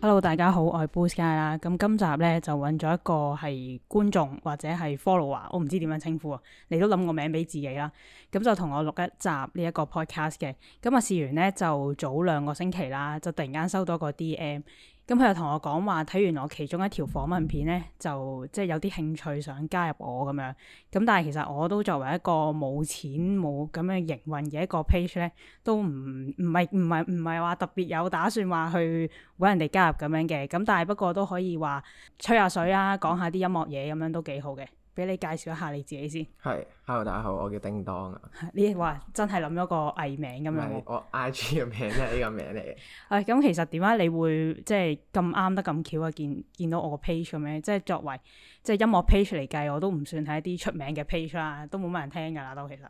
Hello，大家好，我係 Boost Guy 啦。咁今集呢，就搵咗一個係觀眾或者係 follower，我唔知點樣稱呼啊。你都諗個名俾自己啦。咁就同我錄一集呢一個 podcast 嘅。咁啊，試完呢，就早兩個星期啦，就突然間收到個 DM。咁佢又同我講，話睇完我其中一條訪問片呢，就即係有啲興趣想加入我咁樣。咁但係其實我都作為一個冇錢冇咁樣營運嘅一個 page 呢，都唔唔係唔係唔係話特別有打算話去搵人哋加入咁樣嘅。咁但係不過都可以話吹下水啊，講下啲音樂嘢咁樣都幾好嘅。俾你介紹一下你自己先。係，hello 大家好，我叫叮當啊。你話真係諗咗個藝名咁樣。我 IG 嘅名咧呢個名嚟嘅。誒、 哎，咁、嗯、其實點解你會即係咁啱得咁巧啊？見見到我個 page 咁樣，即係作為即係音樂 page 嚟計，我都唔算係一啲出名嘅 page 啦，都冇乜人聽噶啦。都其實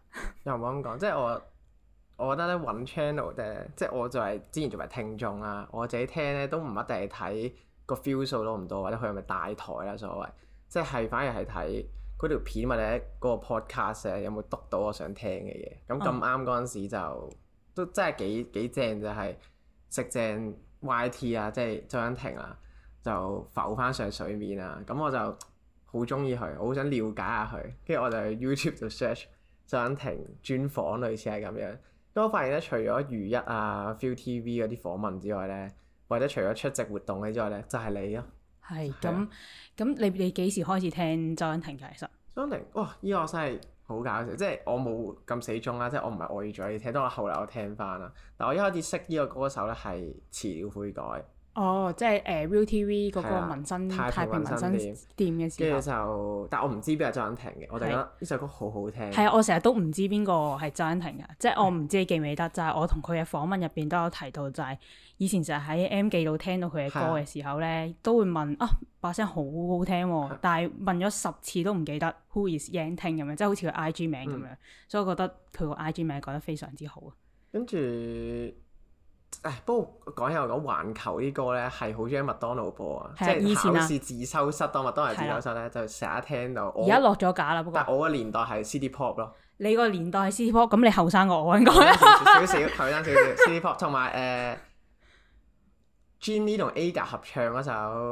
又冇咁講，即係我我覺得咧揾 channel 嘅，即係我就係、是、之前做埋聽眾啦、啊。我自己聽咧都唔一定係睇個 feel 數多唔多，或者佢係咪大台啦、啊、所謂，即係反而係睇。嗰條片或者嗰個 podcast 有冇督到我想聽嘅嘢？咁咁啱嗰陣時就、哦、都真係幾幾正就係、是、食正 YT 啊，即係周欣婷啊，就，是、就浮翻上水面啊！咁我就好中意佢，好想了解下佢。跟住我就去 YouTube 度 search 周欣婷專訪，類似係咁樣。咁我發現咧，除咗如一啊、Feel TV 嗰啲訪問之外咧，或者除咗出席活動嘅之外咧，就係、是、你咯。係，咁咁嗎你你幾時開始聽張天賦嘅？其實張天賦哇，呢個真係好搞笑，即係我冇咁死忠啦，即係我唔係愛咗你聽，但係我後嚟我聽翻啦。但我一開始識呢個歌手咧，係遲了悔改。哦，oh，即係誒、呃、ViuTV 嗰個紋身太平紋身店嘅時候，但我唔知邊個張殷婷嘅，我覺得呢首歌好好聽。係啊，我成日都唔知邊個係張殷婷嘅，即係我唔知你記唔記得，的就係我同佢嘅訪問入邊都有提到、就係，就係以前成日喺 M 記度聽到佢嘅歌嘅時候咧，的都會問啊把聲好好聽、哦，的但係問咗十次都唔記得 Who is Yan Ting 咁樣，即係好似佢 I G 名咁樣，所以我覺得佢個 I G 名覺得非常之好。跟住、嗯。誒，不過講又講環球呢歌咧，係好中意喺麥當勞播啊，即係考試自修室當麥當勞自修室咧，就成日聽到。我而家落咗架啦，不過我個年代係 CD Pop 咯。你個年代係 CD Pop，咁你後生我應該。少少後生少少 CD Pop，同埋誒，Ginny 同 Ada 合唱嗰首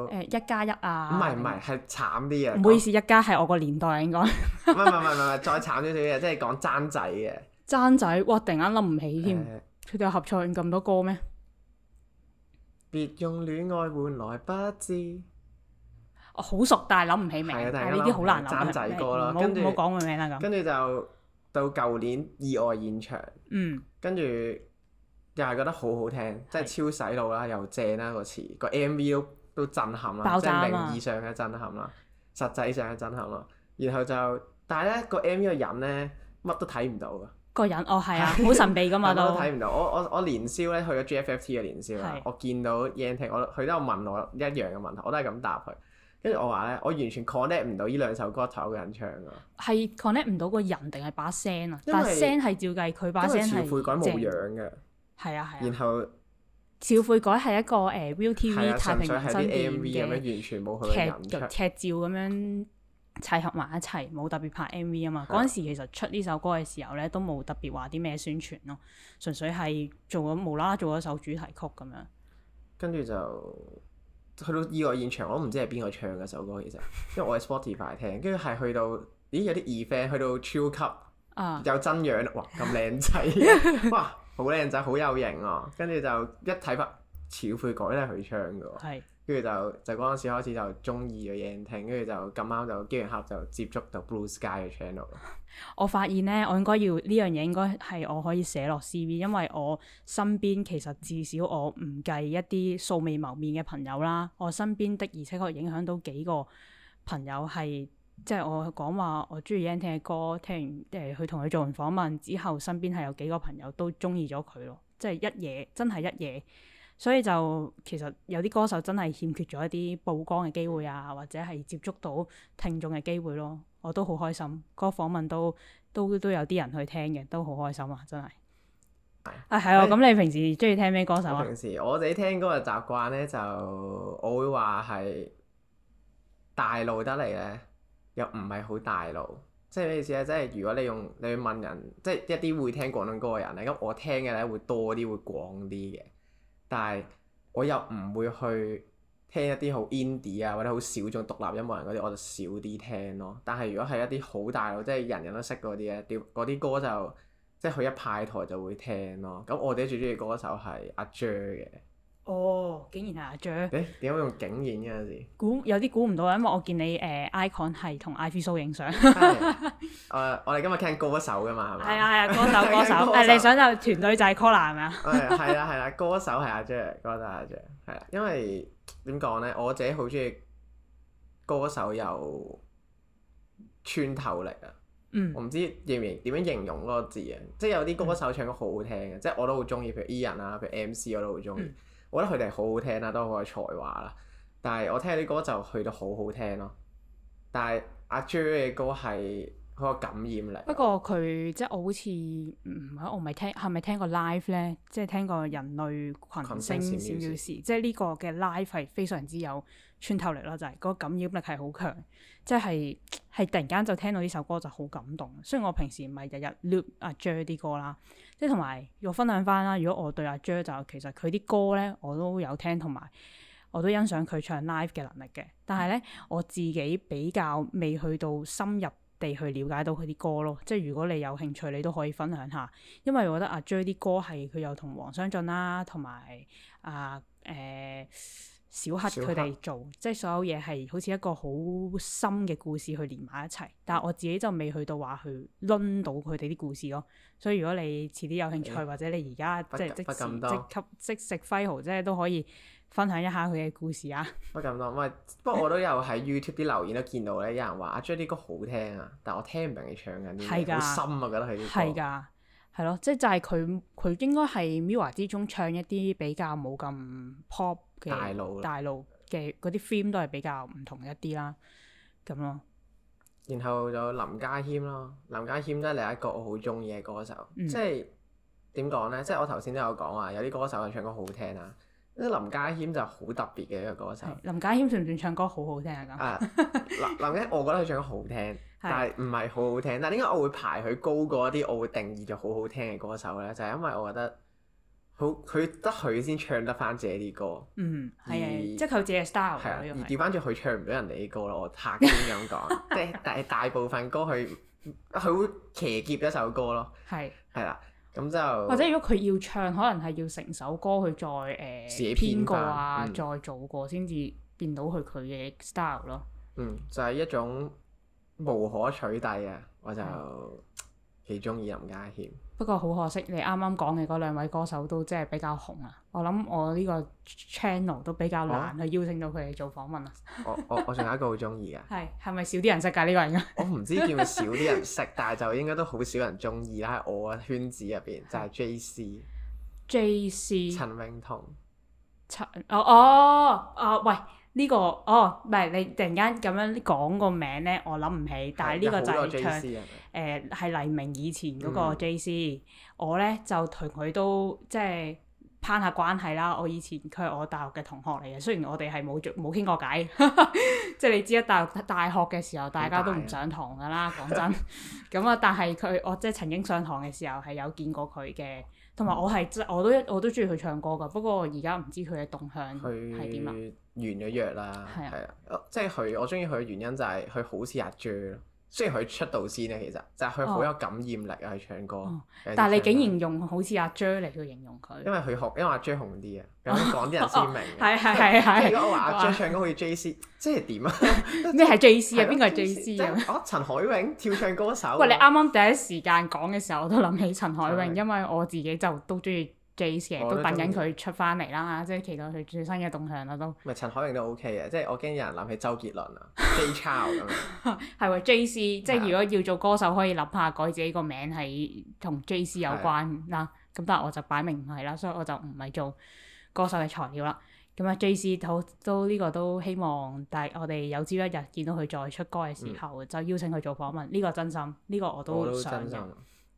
誒一加一啊。唔係唔係，係慘啲啊！唔好意思，一加係我個年代應該。唔係唔係唔係，再慘少少嘅，即係講爭仔嘅。爭仔，我突然間諗唔起添。佢哋合唱咁多歌咩？別用戀愛換來不知。我好、哦、熟，但係諗唔起名。但係呢啲好難諗、啊。仔歌咯，跟住冇冇講個名啦。咁跟住就到舊年意外現場。嗯。跟住又係覺得好好聽，的即係超洗腦啦，又正啦個詞，個 M V 都都震撼啦，包係、啊、名義上嘅震撼啦，實際上嘅震撼啦。然後就但係咧個 M V 嘅人咧，乜都睇唔到噶。個人哦，係啊，好 神秘噶嘛 都睇唔到。我我我年宵咧去咗 GFFT 嘅年宵啊，我見到 Yang 我佢都有問我一樣嘅問題，我都係咁答佢。跟住我話咧，我完全 connect 唔到呢兩首歌同一個人唱、呃、啊。係 connect 唔到個人定係把聲啊？把聲係照計佢把聲係正。因為趙悔改冇樣嘅，係啊係。然後趙悔改係一個誒 Will TV 咁完全冇佢嘅劇照咁樣。砌合埋一齊，冇特別拍 MV 啊嘛。嗰陣、啊、時其實出呢首歌嘅時候咧，都冇特別話啲咩宣傳咯，純粹係做咗無啦啦做咗首主題曲咁樣。跟住就去到意外現場，我都唔知係邊個唱嗰首歌。其實，因為我係 Spotify 聽，跟住係去到，咦，有啲二 fan 去到超級啊，有真樣，哇咁靚仔， 哇好靚仔，好有型啊。跟住就一睇翻，小貝講咧係佢唱嘅，係。跟住就就嗰陣時開始就中意咗 Yen 聽，跟住就咁啱就機緣巧合就接觸到 Blue Sky 嘅 channel。我發現咧，我應該要呢樣嘢應該係我可以寫落 CV，因為我身邊其實至少我唔計一啲素未謀面嘅朋友啦，我身邊的而且確影響到幾個朋友係即係我講話我中意 Yen 聽嘅歌，聽完即係去同佢做完訪問之後，身邊係有幾個朋友都中意咗佢咯，即係一夜真係一夜。所以就其實有啲歌手真係欠缺咗一啲曝光嘅機會啊，或者係接觸到聽眾嘅機會咯。我都好開心，個訪問都都都有啲人去聽嘅，都好開心啊！真係。的啊，係啊、哦！咁的你平時中意聽咩歌手啊？平時我哋聽歌嘅習慣咧，就我會話係大路得嚟咧，又唔係好大路。即係咩意思咧？即係如果你用你去問人，即係一啲會聽廣東歌嘅人咧，咁我聽嘅咧會多啲，會廣啲嘅。但係我又唔會去聽一啲好 indie 啊，或者好小眾獨立音樂人嗰啲，我就少啲聽咯。但係如果係一啲好大佬，即係人人都識嗰啲咧，啲嗰啲歌就即係佢一派台就會聽咯。咁我哋最中意歌手係阿 Jer 嘅。哦，竟然係阿 J，誒、er 欸、點解用竟然嘅字？估有啲估唔到，因為我見你誒 icon 係同 Ivy 蘇影相。誒，我哋今日傾歌手噶嘛係咪？係啊係啊，歌手歌手， 你想團隊就團隊就係 Collar 係咪啊？誒係啦係啦，歌手係阿 J，、er, 歌手係阿 J，係、er, 啊，因為點講咧，我自己好中意歌手有穿透力啊。嗯、我唔知認唔點樣形容嗰個字啊，即係有啲歌手唱嘅好好聽嘅，嗯、即係我都好中意，譬如 E n 啊，譬如 M C 我都好中意。嗯我覺得佢哋好好聽啦，都好有才華啦。但係我聽啲歌就去到好好聽咯。但係阿 J 嘅、er、歌係嗰個感染力。不過佢即係我好似唔係我唔係聽係咪聽過 live 咧？即係聽過人類群星閃耀時。善善即係呢個嘅 live 係非常之有穿透力咯，就係、是、嗰個感染力係好強，即係係突然間就聽到呢首歌就好感動。所以我平時咪日日 loop 阿 J 啲、er、歌啦。即係同埋要分享翻啦，如果我對阿 Jer 就其實佢啲歌呢，我都有聽，同埋我都欣賞佢唱 live 嘅能力嘅。但係呢，我自己比較未去到深入地去了解到佢啲歌咯。即係如果你有興趣，你都可以分享下，因為我覺得阿 Jer 啲歌係佢有同王雙駿啦，同埋啊誒。呃小黑佢哋做，即係所有嘢係好似一個好深嘅故事去連埋一齊。但係我自己就未去到話去輪到佢哋啲故事咯。所以如果你遲啲有興趣，或者你而家即即即吸即食揮毫，即係都可以分享一下佢嘅故事啊。不咁多，唔係不過，我都有喺 YouTube 啲留言都見到咧，有人話阿 Jade 啲歌好聽啊，但我聽唔明佢唱緊啲咩，好深啊覺得佢啲歌。係咯，即係就係佢佢應該係 Mirror 之中唱一啲比較冇咁 pop 嘅大路大路嘅嗰啲 film 都係比較唔同一啲啦，咁咯。然後有林家謙咯，林家謙都係另一個我好中意嘅歌手，嗯、即係點講咧？即係我頭先都有講話，有啲歌手係唱歌好好聽，這個、歌唱歌好聽啊，即林家謙就好特別嘅一個歌手。林家謙算唔算唱歌好好聽啊？咁啊，林林家，我覺得佢唱歌好聽。但係唔係好好聽，但係點解我會排佢高過一啲我會定義做好好聽嘅歌手咧？就係因為我覺得好佢得佢先唱得翻自己啲歌，嗯，係啊，即係佢自己嘅 style，係啊，而調翻轉佢唱唔到人哋啲歌咯，我客觀咁講，即係但係大部分歌佢佢會騎劫一首歌咯，係係啦，咁就或者如果佢要唱，可能係要成首歌去再誒寫編過啊，再做過先至變到佢佢嘅 style 咯，嗯，就係一種。無可取代啊！我就幾中意林家謙 。不過好可惜，你啱啱講嘅嗰兩位歌手都即係比較紅啊！我諗我呢個 channel 都比較難去邀請到佢哋做訪問啊！ 我我我仲有一個好中意嘅係係咪少啲人識噶呢個人？ 我唔知叫少啲人識，但係就應該都好少人中意啦！喺我嘅圈子入邊就係、是、J C 是 J C 陳泳彤，陳哦哦啊、哦、喂。呢、這個哦，唔係你突然間咁樣講個名咧，我諗唔起。但係呢個就係唱誒係、呃、黎明以前嗰個 JC、嗯。我咧就同佢都即係攀下關係啦。我以前佢係我大學嘅同學嚟嘅，雖然我哋係冇冇傾過偈， 即係你知啦。大大學嘅時候大家都唔上堂㗎啦，講大 真。咁啊，但係佢我即係曾經上堂嘅時候係有見過佢嘅，同埋我係我都我都中意佢唱歌㗎。不過而家唔知佢嘅動向係點啦。 完咗約啦，係啊，即係佢我中意佢嘅原因就係佢好似阿 J，雖然佢出道先咧，其實，就係佢好有感染力啊，去唱歌。但係你竟然用好似阿 J 嚟去形容佢？因為佢學，因為阿 J 紅啲啊，咁講啲人先明。係係係係。如果我話阿 J 唱歌好似 JC，即係點啊？咩係 JC 啊？邊個係 JC 哦，陳海榮跳唱歌手。喂，你啱啱第一時間講嘅時候，我都諗起陳海榮，因為我自己就都中意。J.C. 都等緊佢出翻嚟啦，即係期待佢最新嘅動向啦，都。唔係陳海榮都 OK 嘅，即係我驚有人諗起周杰倫啊，J.C. 咁樣，係喎 J.C. 即係如果要做歌手，可以諗下改自己個名係同 J.C. 有關啦。咁但係我就擺明唔係啦，所以我就唔係做歌手嘅材料啦。咁啊 J.C. 都都呢個都希望，但係我哋有朝一日見到佢再出歌嘅時候，就邀請佢做訪問。呢個真心，呢個我都想，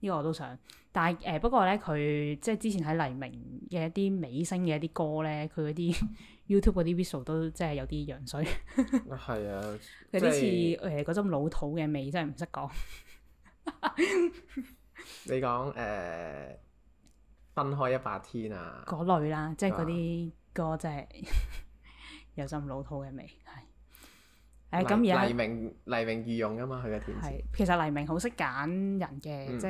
呢個我都想，但係誒、呃、不過咧，佢即係之前喺黎明嘅一啲美聲嘅一啲歌咧，佢嗰啲 YouTube 嗰啲 visual 都真係有啲樣衰。係 啊，佢呢次誒嗰陣老土嘅味真係唔識講。你講說誒、 uh, 分開一百天啊？嗰類啦，即係嗰啲歌真係有陣老土嘅味。 誒咁而家黎明黎明御用啊嘛，佢嘅填詞。係，其實黎明好識揀人嘅，嗯、即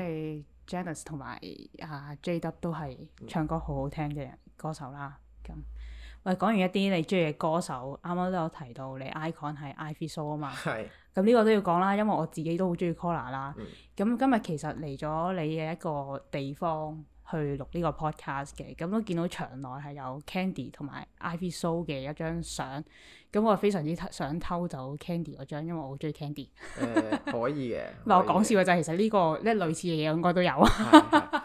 係 Janice 同埋啊 J. W. 都係唱歌好好聽嘅、嗯、歌手啦。咁喂，講完一啲你中意嘅歌手，啱啱都有提到你 Icon 係 Ivy Shaw 啊嘛。係是。咁呢個都要講啦，因為我自己都好中意 Koala 啦。咁、嗯、今日其實嚟咗你嘅一個地方去錄呢個 podcast 嘅，咁都見到場內係有 Candy 同埋 Ivy Show 嘅一張相，咁我非常之想偷走 Candy 嗰張，因為我好中意 Candy。誒、 呃、可以嘅，嗱我講笑嘅就係其實呢、這個咧、這個、類似嘅嘢應該都有啊。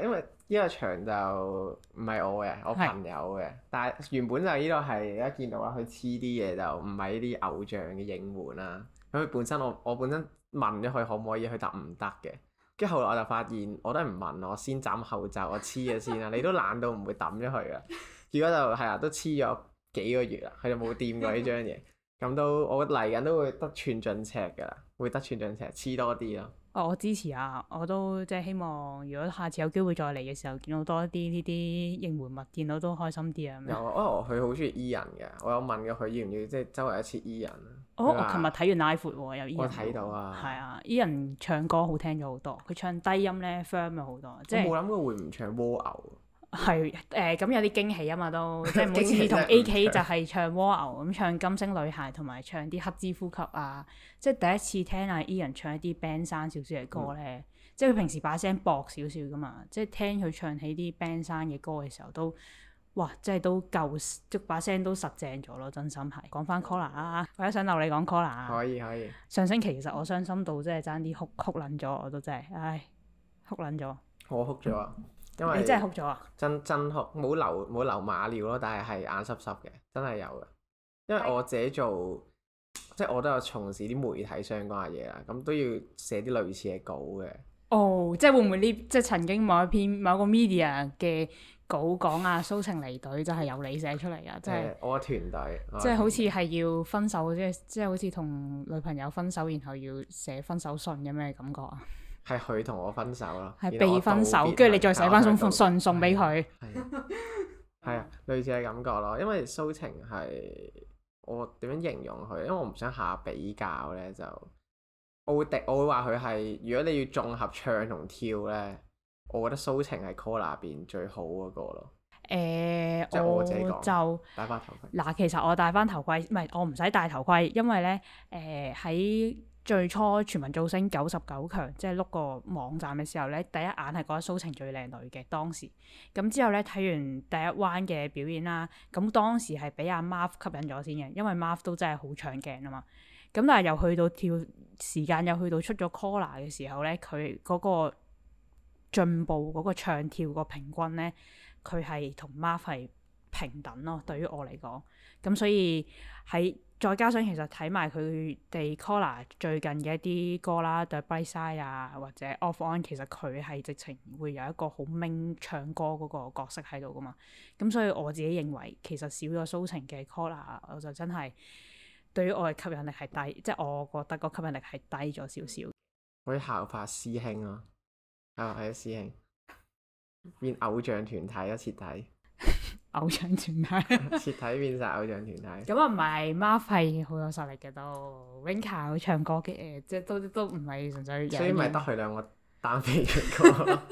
因為呢個場就唔係我嘅，我朋友嘅，是但係原本就呢度係一見到啊，佢黐啲嘢就唔係呢啲偶像嘅影門啦。咁佢本身我我本身問咗佢可唔可以，去答唔得嘅。跟住後來我就發現，我都係唔問我先斬後奏，我黐咗先啦。 你都懶到唔會抌咗佢嘅，結果就係啊，都黐咗幾個月啦，佢就冇掂過呢張嘢。咁都我嚟緊都會得寸進尺嘅啦，會得寸進尺，黐多啲咯。哦、我支持啊！我都即係希望，如果下次有機會再嚟嘅時候，見到多啲呢啲應援物，見到都開心啲啊！嗯、有啊，哦，佢好中意 E 人嘅，我有問過佢要唔要，即係周圍一次 E 人。哦，因為我琴日睇完 live 喎，our, 有 E 人。Our, 我睇到啊。係啊，E 人唱歌好聽咗好多，佢唱低音咧 firm 咗好多。即係我冇諗過會唔唱蝸牛。O 係誒，咁、呃、有啲驚喜啊嘛，都即係每次同 A.K. 就係唱蝸牛，咁唱金星女孩，同埋唱啲黑之呼吸啊，即係第一次聽阿 Ian 唱一啲 band 山少少嘅歌咧，嗯、即係佢平時把聲薄少少噶嘛，即係聽佢唱起啲 band 山嘅歌嘅時候都，都哇，即係都夠即係把聲都實正咗咯，真心係。講翻 Cola 啊，或者想留你講 Cola 啊。可以可以。上星期其實我傷心到真係爭啲哭哭撚咗，我都真係，唉，哭撚咗。我哭咗啊！嗯因為真你真係哭咗啊！真真哭，冇流冇流馬尿咯，但係係眼濕濕嘅，真係有嘅。因為我自己做，的即係我都有從事啲媒體相關嘅嘢啦，咁都要寫啲類似嘅稿嘅。哦，即係會唔會呢？即係曾經某一篇某個 media 嘅稿講啊，蘇晴離隊就係由你寫出嚟噶？的即係是我嘅團隊。即係好似係要分手，即係即係好似同女朋友分手，然後要寫分手信，有咩感覺啊？ 係佢同我分手咯，係被分手，跟住你再寫翻封信送俾佢，係啊，類似嘅感覺咯。因為蘇晴係我點樣形容佢，因為我唔想下比較咧，就奧迪。我會話佢係如果你要綜合唱同跳咧，我覺得蘇晴係 call 邊最好嗰個咯。誒、呃，即係我自己講，就戴翻頭盔嗱，其實我戴翻頭盔，唔係我唔使戴頭盔，因為咧，誒、呃、喺。最初全民造星九十九強，即係碌個網站嘅時候咧，第一眼係覺得蘇晴最靚女嘅當時。咁、嗯、之後呢，睇完第一環嘅表演啦，咁、嗯、當時係俾阿 Marf 吸引咗先嘅，因為 Marf 都真係好搶鏡啊嘛。咁、嗯、但係又去到跳時間又去到出咗 Collar 嘅時候呢，佢嗰個進步嗰、嗰個唱跳個平均呢，佢係同 Marf 係平等咯。對於我嚟講，咁、嗯、所以喺。再加上其實睇埋佢哋 COLLAR 最近嘅一啲歌啦，The By Side 啊，或者 Off On，其實佢係直情會有一個好 main 唱歌嗰個角色喺度噶嘛。咁所以我自己認為，其實少咗蘇晴嘅 COLLAR，我就真係對於我嘅吸引力係低，即係我覺得個吸引力係低咗少少。可以效法師兄啊，啊係啊師兄，變偶像團體一次睇。偶像團， 團體，蝕體變晒偶像團體。咁啊，唔係 Mark 係好有實力嘅都，Rinka 佢唱歌嘅，即係都都唔係純粹。所以咪得佢兩個打。飛唱歌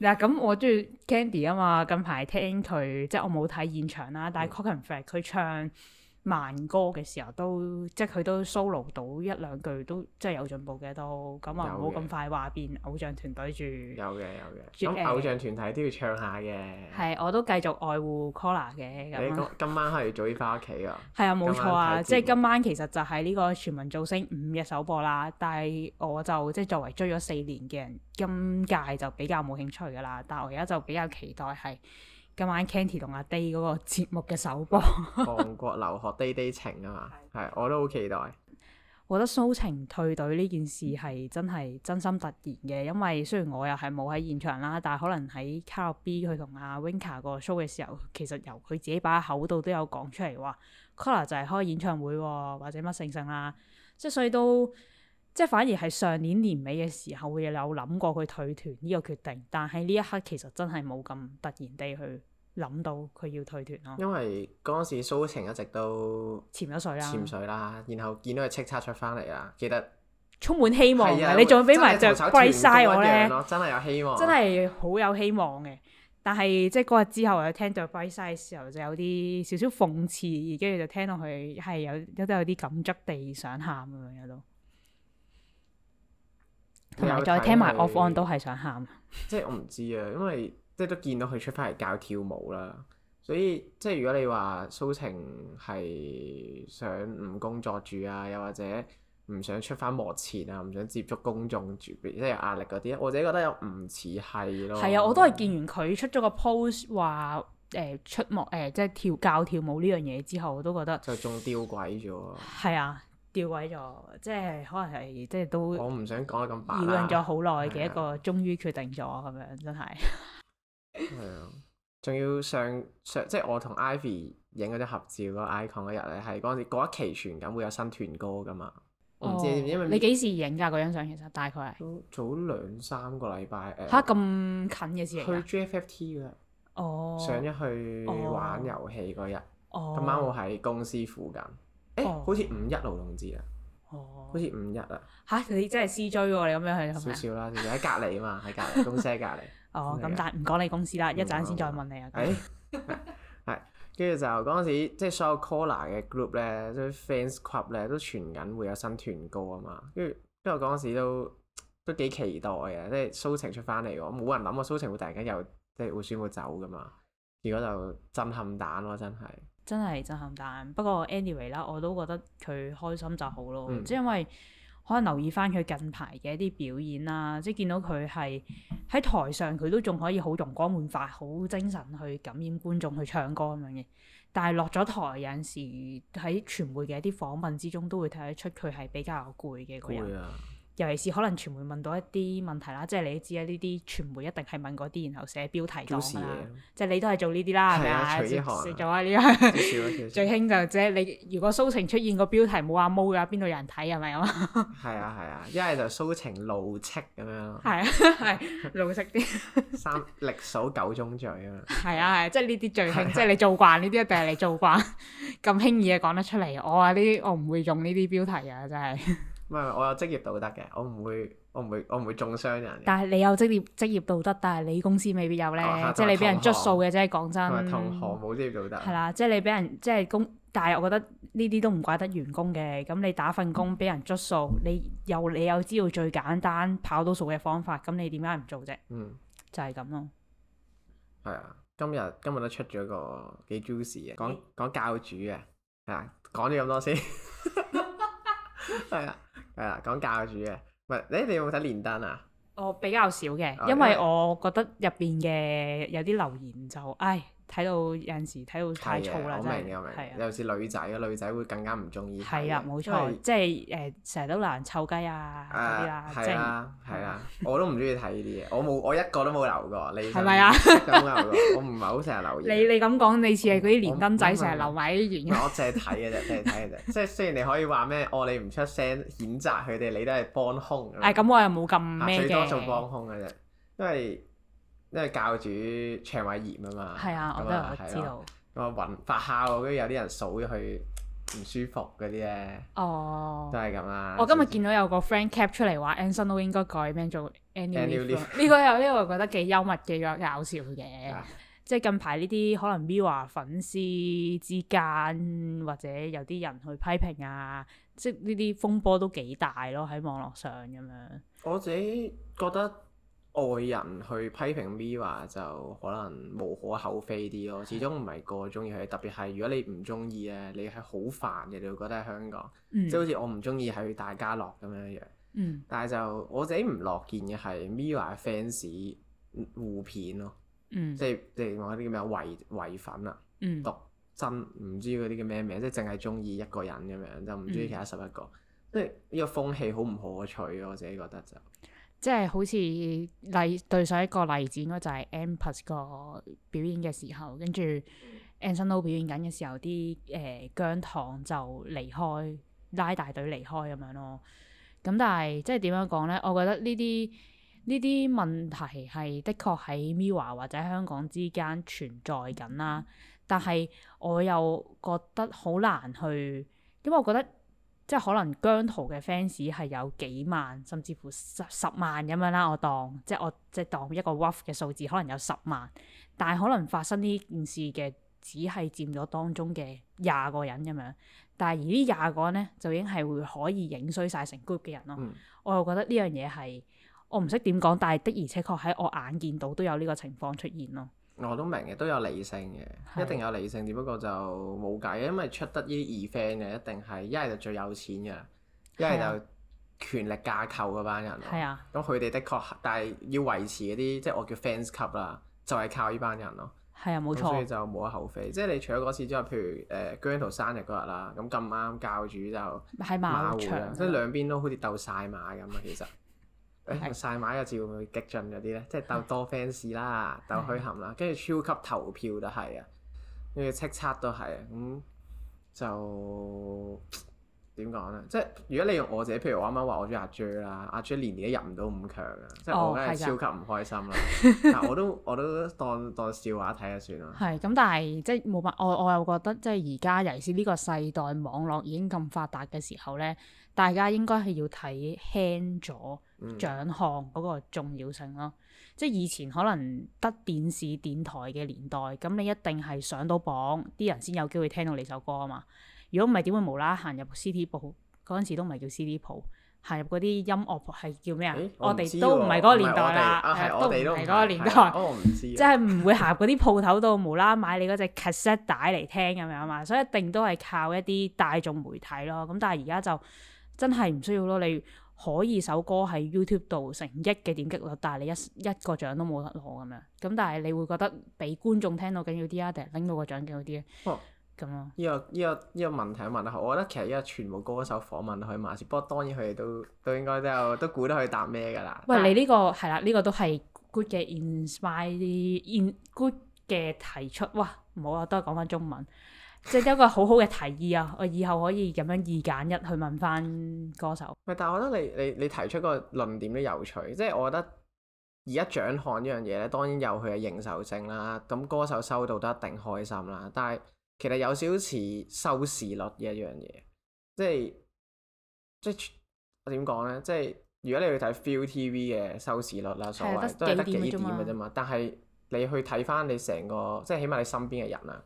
嗱，咁我中意 Candy 啊嘛，近排聽佢，即係我冇睇現場啦，但係 confirm c k 佢唱。慢歌嘅時候都，即係佢都 solo 到一兩句，都即係有進步嘅都。咁啊，唔好咁快話變偶像團隊住。有嘅有嘅。住呃、偶像團體都要唱下嘅。係，我都繼續愛護 Cola 嘅咁。你今今晚係早啲翻屋企啊？係啊，冇錯啊！即係今晚其實就係呢個全民造星五日首播啦，但係我就即係作為追咗四年嘅人，今屆就比較冇興趣㗎啦。但係我而家就比較期待係。今晚 Kenty 同阿 Day 嗰個節目嘅首播，韓國留學 Day Day 情啊，係的我都好期待。我覺得蘇晴退隊呢件事係真係真心突然嘅，因為雖然我又係冇喺現場啦，但係可能喺卡拉 B 佢同阿 Winkar 個 show 嘅時候，其實由佢自己把口度都有講出嚟話 Collar 就係開演唱會、啊、或者乜盛盛啦，即係所以都。即係反而係上年年尾嘅時候會有諗過佢退團呢個決定，但係呢一刻其實真係冇咁突然地去諗到佢要退團咯。因為嗰陣時蘇晴一直都潛咗水啦，潛水啦，然後見到佢叱咤出翻嚟啊，記得，充滿希望。的你仲俾埋隻龜晒我咧呢，真係有希望，真係好有希望嘅。但係即係嗰日之後，我聽到龜晒嘅時候，就有啲少少諷刺，而跟住就聽落去，係有都有啲感觸地想喊咁樣都。同埋再聽埋 Off On 都係想喊，即係我唔知啊，因為即係都見到佢出翻嚟教跳舞啦，所以即係如果你話蘇晴係想唔工作住啊，又或者唔想出翻幕前啊，唔想接觸公眾住，即係有壓力嗰啲，我自己覺得有唔似係咯。係啊，我都係見完佢出咗個 post 話誒、呃、出幕誒、呃，即係跳教跳舞呢樣嘢之後，我都覺得就仲吊詭咗。係啊。掉位咗，即係可能係，即係都我唔想講得咁白。醞釀咗好耐嘅一個，終於決定咗咁樣，真係。係啊，仲要上上，即係我同 Ivy 影嗰張合照嗰個 icon 嗰日咧，係嗰陣時嗰一期傳緊會有新團歌噶嘛？我唔知點解你幾時影噶嗰張相？其實大概係早兩三個禮拜誒，吓咁近嘅時候去 GFFT 嘅。哦，上一去玩遊戲嗰日，今晚我喺公司附近。誒，好似五一勞動節、哦、啊，好似五一啊，嚇你真係 CJ 喎，你咁樣去，少少啦，仲有喺隔離啊嘛，喺 隔離公司喺隔離。 哦，咁但係唔講你公司啦， 一陣先再問你啊。係，跟住就嗰陣時，即係所有 Kola 嘅 group 咧，啲 fans club 咧都傳緊會有新團歌啊嘛。跟住，因為嗰陣時都都幾期待嘅，即係蘇晴出翻嚟喎，冇人諗過蘇晴會突然間又即係會宣布走噶嘛。結果就震撼彈咯，真係。真係震撼，但不過 anyway 啦，我都覺得佢開心就好咯。即係、嗯、因為可能留意翻佢近排嘅一啲表演啦，即係見到佢係喺台上佢都仲可以好容光煥發、好精神去感染觀眾去唱歌咁樣嘅。但係落咗台有陣時喺傳媒嘅一啲訪問之中都會睇得出佢係比較攰嘅個人。尤其是可能傳媒問到一啲問題啦，即係你都知啊，呢啲傳媒一定係問嗰啲，然後寫標題咁啦。即係你都係做呢啲啦，係咪吧啊？做啊呢、這個少少少少最興就即係你，如果蘇晴出現個標題冇阿毛噶，邊度有、啊、有人睇 啊？係咪啊？係啊係啊，一係就蘇晴怒斥咁樣。係啊係，怒斥啲。三力數九宗罪啊嘛。係啊係，即係呢啲最興，即係、啊、你做慣呢啲一定係你做慣咁 輕易嘅講得出嚟。我話呢啲我唔會用呢啲標題啊，真係。唔係，我有職業道德嘅，我唔會，我唔會，我唔會中傷人。但係你有職業職業道德，但係你公司未必有呢。哦、有即係你俾人捽數嘅，真係講真。同同同行，冇職業道德。係啦，即係你俾人即係工，但係我覺得呢啲都唔怪得員工嘅。咁你打份工俾、嗯、人捽數，你又你又知道最簡單跑到數嘅方法，咁你點解唔做啫？嗯，就係咁咯。係啊、嗯，今日今日都出咗個幾 juicy 嘅，講教主啊，係啊，講咗咁多先，係啊。 係啦，講教主嘅。唔、欸、你有冇睇連登啊？我、哦、比較少嘅，哦、因為，因為我覺得入邊嘅有啲留言就，唉。睇到有陣時睇到太躁啦，真係。尤其是女仔，女仔會更加唔中意。係啊，冇錯，即係誒，成日都難湊雞啊，嗰啲啊，係啊，係啊，我都唔中意睇呢啲嘢。我冇，我一個都冇留過。你係咪啊？有冇留過？我唔係好成日留意。你你咁講，你似係嗰啲連登仔，成日留位啲原因。我淨係睇嘅啫，淨係睇嘅啫。即係雖然你可以話咩，哦，你唔出聲譴責佢哋，你都係幫兇。誒，咁我又冇咁咩嘅。最多做幫兇嘅啫，因為。即係教主腸胃炎啊嘛，係啊，啊我都有知道。咁啊，搵發酵，跟住有啲人數咗佢唔舒服嗰啲咧。哦、oh, 啊，都係咁啦。我今日見到有個 friend cap 出嚟話，Anson 都應該改名做 Annie live 呢 An 個又呢個覺得幾幽默幾搞笑嘅。即係近排呢啲可能 mirror 粉絲之間，或者有啲人去批評啊，即係呢啲風波都幾大咯，喺網絡上咁樣。我自己覺得。外人去批評 MIRROR 就可能無可厚非啲咯，始終唔係個個中意佢，特別係如果你唔中意咧，你係好煩嘅，你會覺得喺香港，嗯、即係好似我唔中意喺大家樂咁樣樣。嗯、但係就我自己唔樂見嘅係 MIRROR fans 互片咯，嗯、即係即係我啲叫咩唯唯粉啊，毒真唔知嗰啲叫咩名，即係淨係中意一個人咁樣，就唔中意其他十一個，即係呢個風氣好唔可取，我自己覺得就。即係好似例對上一個例子，應該就係 e m p e r u s 個表演嘅時候，跟住 Anson Lo 表演緊嘅時候，啲、呃、誒姜糖就離開，拉大隊離開咁樣咯。咁但係即係點樣講咧？我覺得呢啲呢啲問題係的確喺 MIRROR 啊或者香港之間存在緊啦。但係我又覺得好難去，因為我覺得。即係可能姜濤嘅 fans 係有幾萬，甚至乎十十萬咁樣啦。我當即係我即係當一個 rough 嘅數字，可能有十萬，但係可能發生呢件事嘅，只係佔咗當中嘅廿個人咁樣。但係而呢廿個人咧，就已經係會可以影衰晒成 group 嘅人咯。嗯、我又覺得呢樣嘢係我唔識點講，但係的而且確喺我眼見到都有呢個情況出現咯。我都明嘅，都有理性嘅，一定有理性。只不過就冇計，因為出得呢啲二 fan 嘅，一定係一係就最有錢嘅，一係就權力架構嗰班人。係是啊，咁佢哋的確，但係要維持嗰啲，即係我叫 fans 級啦，就係、是、靠呢班人咯。係啊，冇錯。所以就無可厚非。即係你除咗嗰次之外，譬如誒姜濤生日嗰日啦，咁咁啱教主就馬，馬場，即係兩邊都好似鬥晒馬咁啊，其實。誒、欸、曬馬嘅字會唔會激進嗰啲咧？即係鬥多 fans 啦， 鬥虛撼啦，跟住超級投票都係啊，跟住叱咤都係啊，咁、嗯、就點講咧？即係如果你用我自己，譬如我啱啱話我鍾意阿 J 啦，阿 J 年年都入唔到五強啊，哦、即係我梗係超級唔開心啦。是的 但我都我都當當笑話睇下算啦。係咁，但係即係冇辦法，我我又覺得即係而家尤其是呢個世代網絡已經咁發達嘅時候咧。大家應該係要睇輕咗獎項嗰個重要性咯，嗯、即係以前可能得電視電台嘅年代，咁你一定係上到榜，啲、嗯、人先有機會聽到你首歌啊嘛。如果唔係，點會無啦啦行入 CD 鋪？嗰陣時都唔係叫 CD 鋪，行入嗰啲音樂鋪係叫咩啊？咦我哋都唔係嗰個年代啦，都唔係嗰個年代。即係唔會行入嗰啲鋪頭度無啦買你嗰隻 cassette 帶嚟聽咁樣啊嘛。所以一定都係靠一啲大眾媒體咯。咁但係而家就。真係唔需要咯，你可以首歌喺 YouTube 度成億嘅點擊率，但係你一一個獎都冇得攞咁樣，咁但係你會覺得俾觀眾聽到緊要啲啊，定係拎到個獎緊要啲咧？咁、這、咯、個，呢個呢個呢個問題問得好，我覺得其實呢個全部歌手訪問佢可以，不過當然佢哋都都應該都有都估得佢答咩㗎啦。喂，但你呢、這個係啦，呢、這個都係 good 嘅 inspire in good 嘅提出，哇！唔好啊，都係講翻中文。即係一個好好嘅提議啊！我以後可以咁樣二揀一去問翻歌手。 但係我覺得你你，你提出個論點都有，有趣。即係我覺得而家獎項呢樣嘢咧，當然有佢嘅認受性啦。咁歌手收到都一定開心啦。但係其實有少少似收視率呢一樣嘢，即係即係我點講咧？即係如果你去睇 ViuTV 嘅收視率啦，所謂都係得幾點嘅啫嘛。啊、但係你去睇翻你成個，即係起碼你身邊嘅人啊。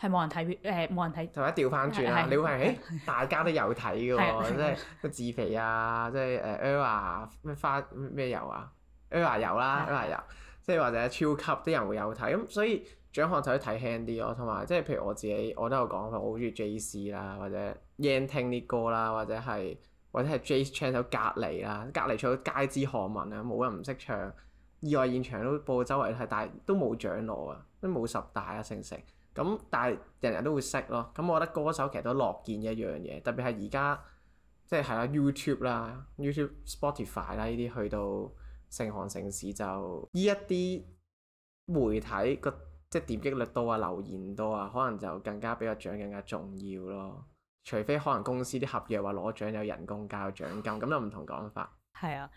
係冇人睇，誒、呃、冇人睇，同埋調翻轉啊！你會發現，大家都有睇㗎喎，即係咩自肥啊，即係誒 L a 咩花咩油啊，L e 油啦，L e 油，即、呃、係的或者超級啲人會有睇咁，所以獎項就可以睇輕啲咯。同埋即係譬如我自己，我都有講過，我好中意 J C 啦，或者 y a n g 聽啲歌啦，或者係或者係 J C 唱首隔離啦，隔離唱到街知巷聞啊，冇人唔識唱，意外現場都播周圍睇，但係都冇獎攞啊，都冇十大啊，成成。咁、嗯、但係人人都會識咯。咁、嗯、我覺得歌手其實都樂見一樣嘢，特別係而家即係係啦 YouTube 啦、YouTube、Spotify 啦呢啲去到成行成市，就呢一啲媒體個即係點擊率多啊、留言多啊，可能就更加比個獎更加重要咯。除非可能公司啲合約話攞獎有人工加獎金咁，有唔同講法。係啊。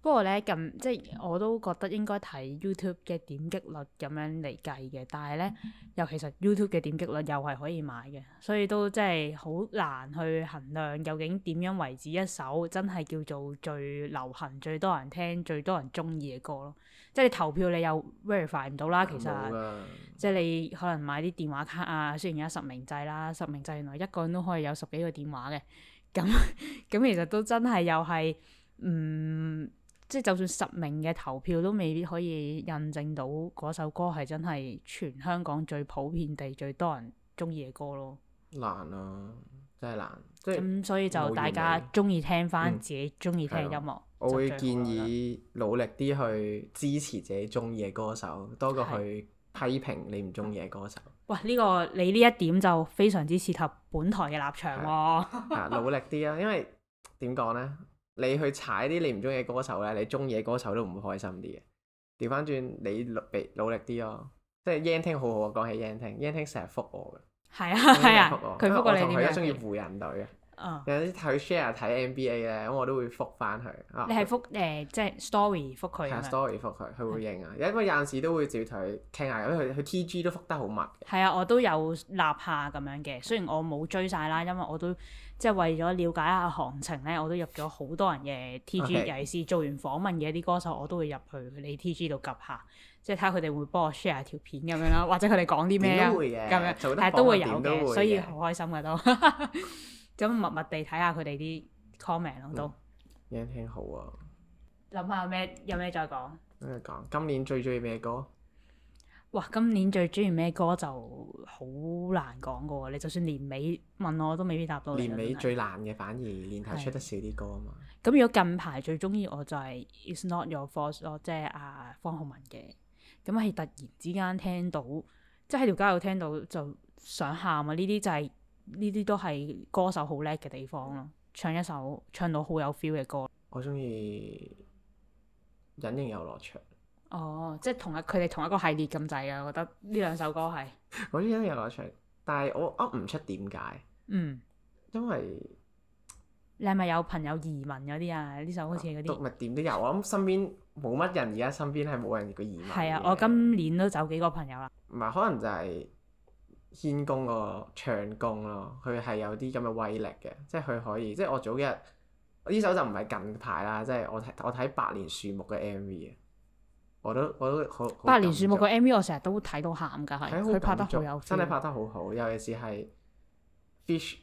不過咧近、嗯、即係我都覺得應該睇 YouTube 嘅點擊率咁樣嚟計嘅，但係咧又其實 YouTube 嘅點擊率又係可以買嘅，所以都真係好難去衡量究竟點樣為止一首真係叫做最流行最多人聽、最多人中意嘅歌咯。即係你投票你又 verify 唔到啦，其實即係你可能買啲電話卡啊，雖然而家實名制啦，實名制原來一個人都可以有十幾個電話嘅，咁咁 其實都真係又係嗯。即係就算十名嘅投票都未必可以印證到嗰首歌係真係全香港最普遍地最多人中意嘅歌咯。難啊，真係難。即係咁，嗯、所以就大家中意聽翻自己中意聽嘅音樂、嗯，我會建議努力啲去支持自己中意嘅歌手，多過去批評你唔中意嘅歌手。喂，呢、這個你呢一點就非常之適合本台嘅立場喎。努力啲啊，因為點講咧？你去踩啲你唔中意嘅歌手咧，你中意嘅歌手都唔會開心啲嘅。調翻轉，你努俾努力啲咯，即係 Yang Ting 好好啊！講起 Yang Ting，Yang Ting 成日覆我嘅，係啊係啊，佢覆過你，佢都中意湖人隊啊。有啲睇 share 睇 NBA 咧，咁、嗯、我都會覆翻佢。你係覆誒即係 story 覆佢啊？Story 覆佢，佢會應啊。因為有陣時都會照佢傾下，因為佢佢 TG 都覆得好密。係啊，我都有立下咁樣嘅，雖然我冇追晒啦，因為我都。即係為咗了，了解一下行情咧，我都入咗好多人嘅 T G，Okay. 尤其是做完訪問嘅啲歌手，我都會入去你 T G 度 𥄫 下，即係睇下佢哋會幫我 share 條片咁樣啦， 或者佢哋講啲咩啊，咁樣，但係、哎、都會有嘅，所以好開心噶都，咁、嗯、 默默地睇下佢哋啲 comment 咯都，聽聽好啊，諗下有咩有咩再講，講、嗯、今年最中意咩歌？哇！今年最中意咩歌就好難講噶喎，你就算年尾問我，我都未必答到。年尾最難嘅反而的年頭出得少啲歌啊嘛。咁如果近排最中意我就係 It's Not Your Fault 咯，即係阿方皓文嘅。咁係突然之間聽到，即係喺條街度聽到就想喊啊！呢啲就係呢啲都係歌手好叻嘅地方咯，唱一首唱到好有 feel 嘅歌。我中意隱形遊樂場。哦，即係同佢哋同一個系列咁滯啊！我覺得呢兩首歌係， 我呢啲有攞出，但係我噏唔出點解？嗯，因為你係咪有朋友移民嗰啲啊？呢首好似嗰啲，唔、啊、物點都有我諗身邊冇乜人，而家身邊係冇人個移民。係啊，我今年都走幾個朋友啦。唔係，可能就係軒公個唱功咯，佢係有啲咁嘅威力嘅，即係佢可以，即係我早幾日呢首就唔係近排啦，即係我睇我睇百年樹木嘅 MV 我都我都好。百年樹木個 M V 我成日都睇到喊噶，係佢拍得好有真係拍得好好，尤其是係 Fish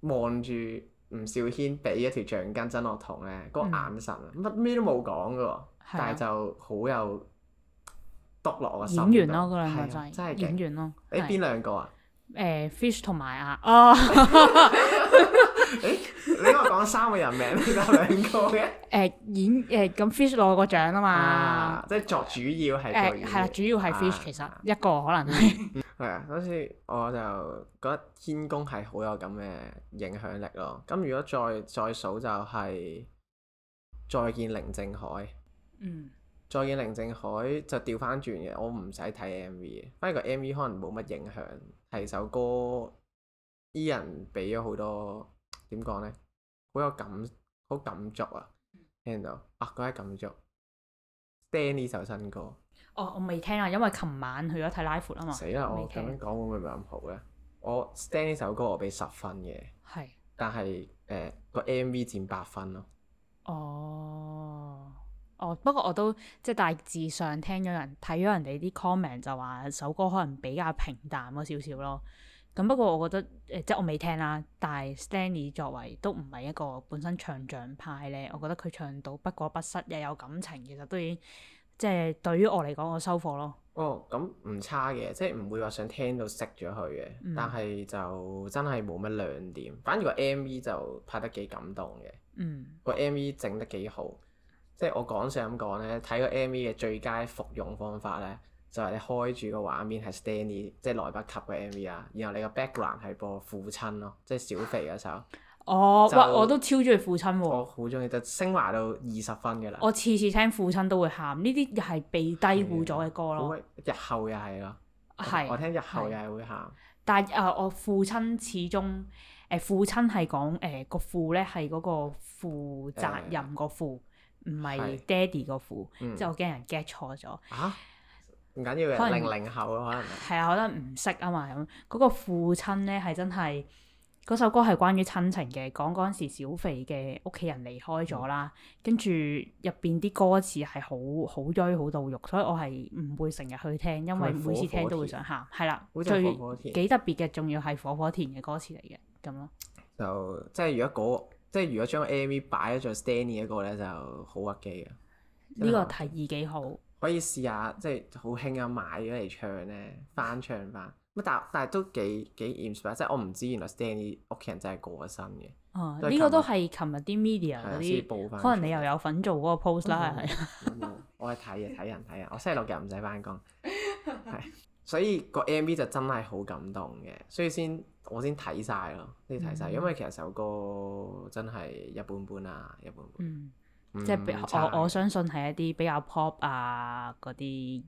望住吳兆軒俾一條橡筋曾樂彤咧，個眼神乜咩都冇講噶，但係就好有墮落啊！演完咯，嗰兩個真係演員咯。誒，邊兩個啊？誒，Fish 同埋啊哦。誒，你我講三個人名，你得兩個嘅？誒，演誒，咁、呃、Fish 攞個獎啊嘛，啊即係作主要係誒係啦，主要係 Fish、啊、其實一個可能係係啊，好似 我就覺得天公係好有咁嘅影響力咯。咁如果再再數就係再見寧靜海，嗯，再見寧靜海就調翻轉嘅，我唔使睇 M V 嘅，反而個 M V 可能冇乜影響，係首歌依人俾咗好多。點講呢？好有感，好感觸啊！聽到啊，嗰、那、啲、個、感觸。Stan 呢首新歌。哦，我未聽啊，因為琴晚去咗睇 live 啊嘛。死啦！我咁樣講會唔會唔係咁好咧？我，我 Stan 呢首歌我，我俾十分嘅。係。但係誒個 MV 佔八分咯。哦，哦，不過我都即係大致上聽咗人睇咗人哋啲 comment 就話首歌可能比較平淡咗少少咯。咁不過我覺得誒、呃，即係我未聽啦。但係 Stanley 作為都唔係一個本身唱將派咧，我覺得佢唱到不過不失，又有感情，其實都已經即係對於我嚟講，我收貨咯。哦，咁唔差嘅，即係唔會話想聽到識咗佢嘅。但係就真係冇乜亮點。反而個 MV 就拍得幾感動嘅。嗯。個 MV 整得幾好，即係我講想咁講咧，睇個 MV 嘅最佳服用方法咧。就係你開住個畫面係 Stanley，即係來不及嘅 MV 啊，然後你個 background 係播父親咯，即係小肥嗰首。哦，喂，我都超中意父親喎。我好中意，就升華到二十分嘅啦。我次次聽父親都會喊，呢啲又係被低估咗嘅歌咯。日後又係咯，係我聽日後又係會喊。但係啊，我父親始終，誒父親係講誒個父咧係嗰個負責任個父，唔係爹哋個父，即係我驚人 get 錯咗啊。唔緊要，嘅能，可能零零後咯，可能係啊，可能唔識啊嘛咁。嗰、嗰個父親咧係真係嗰首歌係關於親情嘅，講嗰陣時小肥嘅屋企人離開咗啦，跟住入邊啲歌詞係好好追好到肉，所以我係唔會成日去聽，因為每次聽都會想喊。係啦，最幾特別嘅，仲要係火火田嘅了歌詞嚟嘅咁咯。就即係如果嗰即係如果將 A. M. V. 擺咗做 Stanley 嘅歌咧，就好屈機啊！呢個提議幾好。可以試下，即係好興啊，買咗嚟唱咧，翻唱翻。乜但但係都幾幾即係我唔知原來 Stanley 屋企人真係過身嘅。哦、嗯，呢個都係琴日啲 media 部分。可能你又有份做嗰個 post 啦，係啊。我係睇嘅，睇人睇人。我星期六日唔使翻工，係。所以個 MV 就真係好感動嘅，所以先我先睇晒咯，你睇晒！因為其實首歌真係一般般啦，一般般。嗯即係、嗯、我我相信係一啲比較 pop 啊嗰啲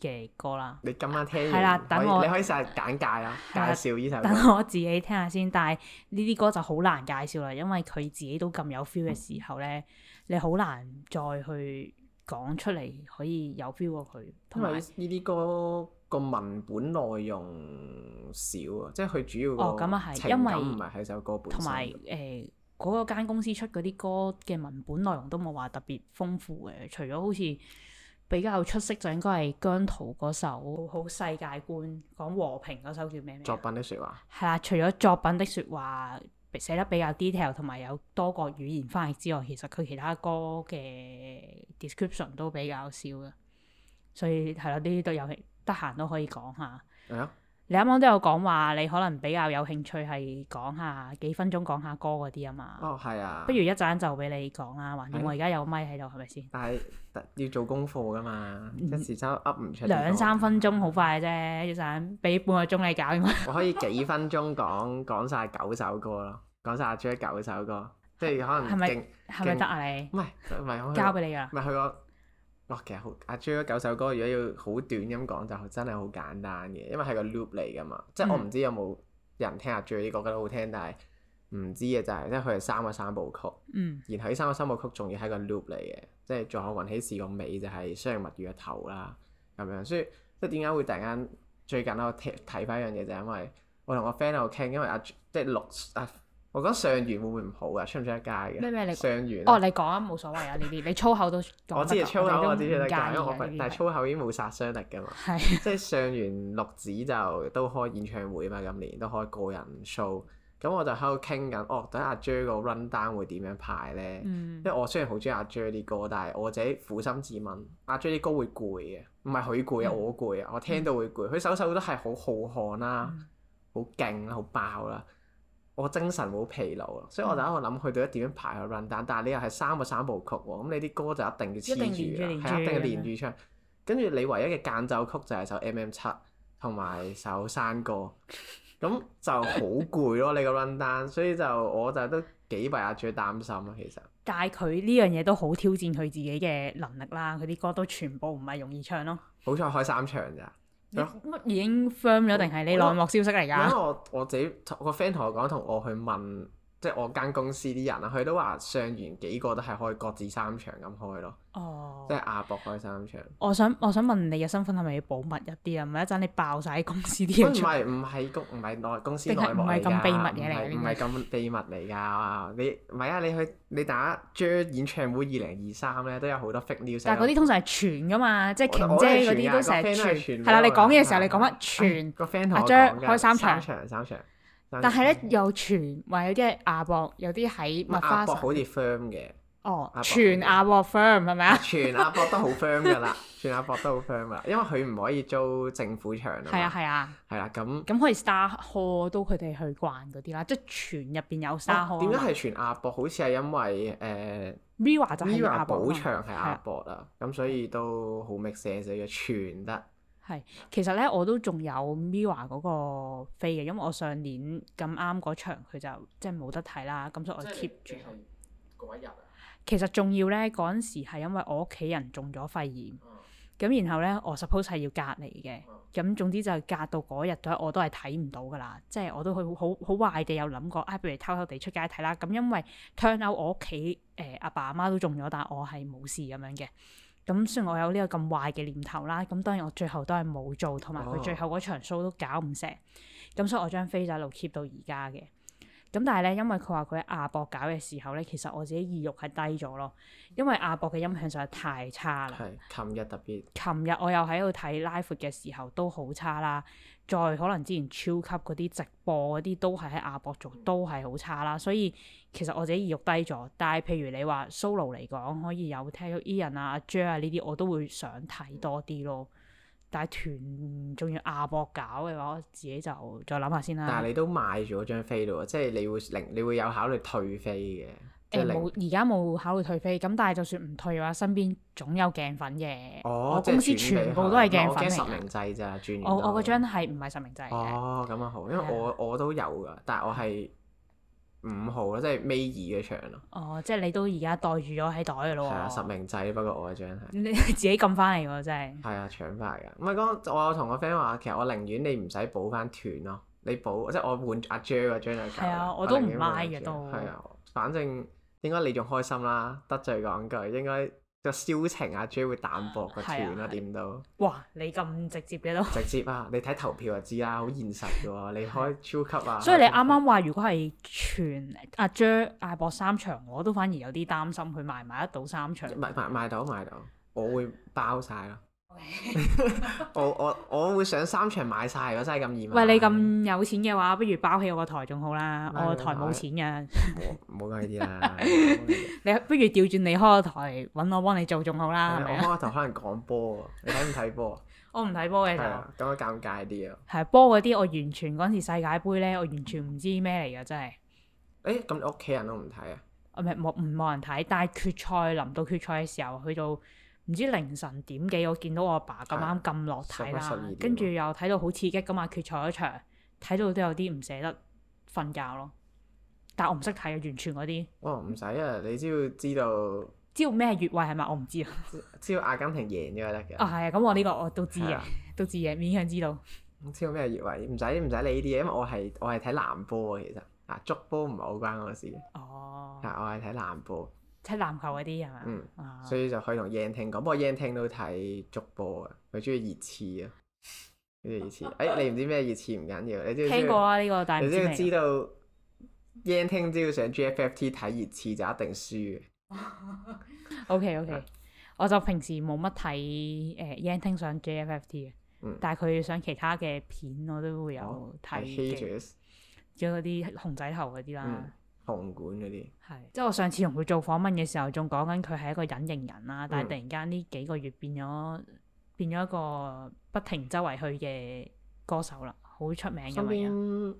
嘅歌啦。你今晚聽完？係啦，等我可你可以成日簡介啦，的介紹呢首歌。等我自己聽下先，但係呢啲歌就好難介紹啦，因為佢自己都咁有 feel 嘅時候呢，嗯、你好難再去講出嚟可以有 feel 過佢。同埋呢啲歌個文本內容少啊，即係佢主要哦咁啊係，因為唔係係首歌本身同埋誒。嗰間公司出嗰啲歌嘅文本內容都冇話特別豐富嘅，除咗好似比較出色就應該係姜濤嗰首《好世界觀》，講和平嗰首叫咩咩？作品的説話。係啦，除咗作品的説話寫得比較 detail，同埋有多個語言翻譯之外，其實佢其他歌嘅 description 都比較少嘅。所以係啦，呢啲都有得閒都可以講下。係啊。你啱啱都有講話，你可能比較有興趣係講下幾分鐘講下歌嗰啲啊嘛。哦，係啊。不如一陣就俾你講啊，橫掂我而家有咪喺度，係咪先？但係要做功課噶嘛，一時間噏唔出、嗯。兩三分鐘好快啫，一陣俾半個鐘你搞。我可以幾分鐘講講晒九首歌咯，講曬最多九首歌，即係可能。係咪？係咪得啊？是是你唔係唔係我交俾你㗎。唔係佢。哇、哦，其實好阿 J 九首歌，如果要好短咁講，就真係好簡單嘅，因為係個 loop 嚟㗎嘛。嗯、即係我唔知有冇人聽阿 J 呢個覺得好聽，但係唔知嘅就係，即係佢係三個三部曲，嗯，然後呢三個三部曲仲要係個 loop 嚟嘅，即係仲有雲起時個尾就係相遇物語嘅頭啦咁樣。所以即係點解會突然間最近我睇睇翻一樣嘢，就係因為我同我 friend 喺度傾，因為阿 J 即係六啊。我得上完會唔會唔好噶，出唔出得街嘅？咩咩你上完？哦，你講啊，冇所謂啊呢啲，你粗口都講。我知，粗口我知，出得街。因嘅，但係粗口已經冇殺傷力噶嘛。即係上完六子就都開演唱會啊嘛！今年都開個人 show，咁我就喺度傾緊，哦，等阿 Jade run down 會點樣排呢？因為我雖然好中意阿 j 啲歌，但係我自己苦心自問，阿 j 啲歌會攰嘅，唔係佢攰啊，我攰啊，我聽到會攰。佢首首都係好好看啦，好勁啦，好爆啦。我精神冇疲勞所以我就喺度諗去到一點樣排個 run down，但係你又係三個三部曲喎，咁你啲歌就一定要黐住嘅，係啊，一定要連住唱。跟住的你唯一嘅間奏曲就係首 M M 七同埋首山歌，咁 就好攰咯。你個 run down，所以就我就都幾為阿俊擔心咯，其實。但係佢呢樣嘢都好挑戰佢自己嘅能力啦，佢啲歌都全部唔係容易唱咯。好彩開三場咋。乜已經 firm 咗定係你內幕消息嚟㗎？因為我我自己個 friend 同我講，同我去問。即係我間公司啲人啦，佢都話上完幾個都係可以各自三場咁開咯。哦，即係亞博開三場。我想我想問你嘅身份係咪要保密一啲啊？唔係一陣你爆曬公司啲嘢。唔係唔係唔係內公司內幕嚟㗎。唔係咁秘密嘢嚟嘅。唔係咁秘密嚟㗎。你唔係啊？你去你打張演唱會二零二三咧，都有好多 fake news。但係嗰啲通常係傳噶嘛，即係瓊姐嗰啲都成日傳。係啦，你講嘢嘅時候你講乜？傳個 friend 同我講嘅。張開三場。但係咧，有傳話有啲係亞博，有啲喺麥花臣。亞博好似 firm 嘅。哦，傳亞博 firm 係咪啊？傳亞博都好 firm 噶啦，傳亞博都好 firm 噶啦，因為佢唔可以租政府場啊嘛。係啊係啊。係啦，咁。咁可以 Star Hall 都佢哋去慣嗰啲啦，即係傳入邊有 Star Hall。點解係傳亞博？好似係因為誒 Viva 就係亞博啊。Viva 保場係亞博啦，咁所以都好 make sense 嘅，所以傳得。係，其實咧我都仲有 MIRROR 嗰個飛嘅，因為我上年咁啱嗰場佢就即係冇得睇啦，咁所以我 keep 住嗰一日，啊。其實仲要咧嗰陣時係因為我屋企人中咗肺炎，咁、嗯、然後咧我 suppose 係要隔離嘅，咁、嗯、總之就係隔到嗰日都我都係睇唔到噶啦，即係我都去好好壞地有諗過，啊，不如偷偷地出街睇啦。咁因為 turn out 我屋企誒阿爸阿媽都中咗，但我係冇事咁樣嘅。咁算我有呢個咁壞嘅念頭啦，咁當然我最後都係冇做，同埋佢最後嗰場 show 都搞唔成，咁所以我張飛就一路 keep 到而家嘅。咁但係咧，因為佢話佢喺亞博搞嘅時候咧，其實我自己意欲係低咗咯，因為亞博嘅音響實在太差啦。係，琴日特別。琴日我又喺度睇 live 嘅時候都好差啦，再可能之前超級嗰啲直播嗰啲都係喺亞博做都係好差啦，所以其實我自己意欲低咗。但係譬如你話 solo 嚟講，可以有聽到 Ian 啊、阿 Jer 啊呢啲，我都會想睇多啲咯。但係團仲要亞博搞嘅話，我自己就再諗下先啦。但係你都買咗張飛咯，即係你會零，你會有考慮退飛嘅。誒，冇，而家冇考慮退飛。咁但係就算唔退嘅話，身邊總有鏡粉嘅。哦，我公司全部都係鏡粉。即係轉飛。我驚實名制咋，轉完。我我嗰張係唔係實名制？哦，咁啊好，因為我我都有㗎，但係我係。五號咯，即係尾二嘅場咯。哦，即係你都而家袋住咗喺袋嘅咯喎。係我啊，實名制，不過我嘅張係。 你自己撳翻嚟喎真係。係啊，搶翻嚟㗎。唔係講，我同我 friend 話，其實我寧願你唔使補翻團咯，你補即係我換阿 Joe、er、張啊，我都唔買嘅都係啊，反正應該你仲開心啦，得罪講句應該。個銷情阿 j 啊 j o 會淡薄個團啦，點都到。哇！你咁直接嘅都。直接啊！你睇投票就知啦、啊，好現實嘅喎、啊。 你開超級啊。 所以你啱啱話，如果係全阿 j o、er，阿博三場，我都反而有啲擔心佢賣唔賣得到三場。賣賣賣到賣到，我會包晒咯。 我我我會上三場買晒，我真係咁二。喂，你咁有錢嘅話，不如包起我個台仲好啦。麼我個台冇錢嘅。冇冇貴啲啦。 你不如調轉你開個台，搵我幫你做仲好啦。嗯、是是我開個台可能講波，你睇唔睇波？ 我唔睇波嘅。係啊，咁樣尷尬啲啊。係波嗰啲，我完全嗰陣時世界杯咧，我完全唔知咩嚟噶，真係。誒、欸，咁你屋企人都唔睇啊？唔係冇唔冇人睇，但係決賽臨到決賽嘅時候，去到。唔知凌晨點幾，我見到我阿爸咁啱咁落睇啦，跟住、啊、又睇到好刺激噶嘛，決賽嗰場睇到都有啲唔捨得瞓覺咯。但我唔識睇啊，完全嗰啲。哦，唔使啊，你只要知道。知道咩越位係咪？我唔知啊。知道阿根廷贏咗就得嘅。啊係啊，咁我呢個我都知嘅，哦、都知嘅，勉強知道。知道咩越位？唔使唔使理呢啲嘢，因為我係我係睇籃波啊，其實啊，足波唔係好關我事。哦。嗱，我係睇籃波。睇籃球嗰啲係嘛？嗯，啊、所以就可以同 Yang 聽講，不過 Yang 聽都睇足波啊，佢中意熱刺啊，呢啲熱刺、， 哎、刺。誒，你唔知咩熱刺唔緊要，你聽過啊呢、呢個，大，你只要知道 Yang 聽只要上 G F F T 睇熱刺就一定輸嘅。O K O K，我就平時冇乜睇誒 Yang 聽上 G F F T 嘅，嗯、但係佢上其他嘅片我都會有睇嘅，即係嗰啲熊仔頭嗰啲啦。嗯紅館嗰啲，係即係我上次同佢做訪問嘅時候，仲講緊佢係一個隱形人啦。嗯、但係突然間呢幾個月變咗變咗一個不停周圍去嘅歌手啦，好出名咁樣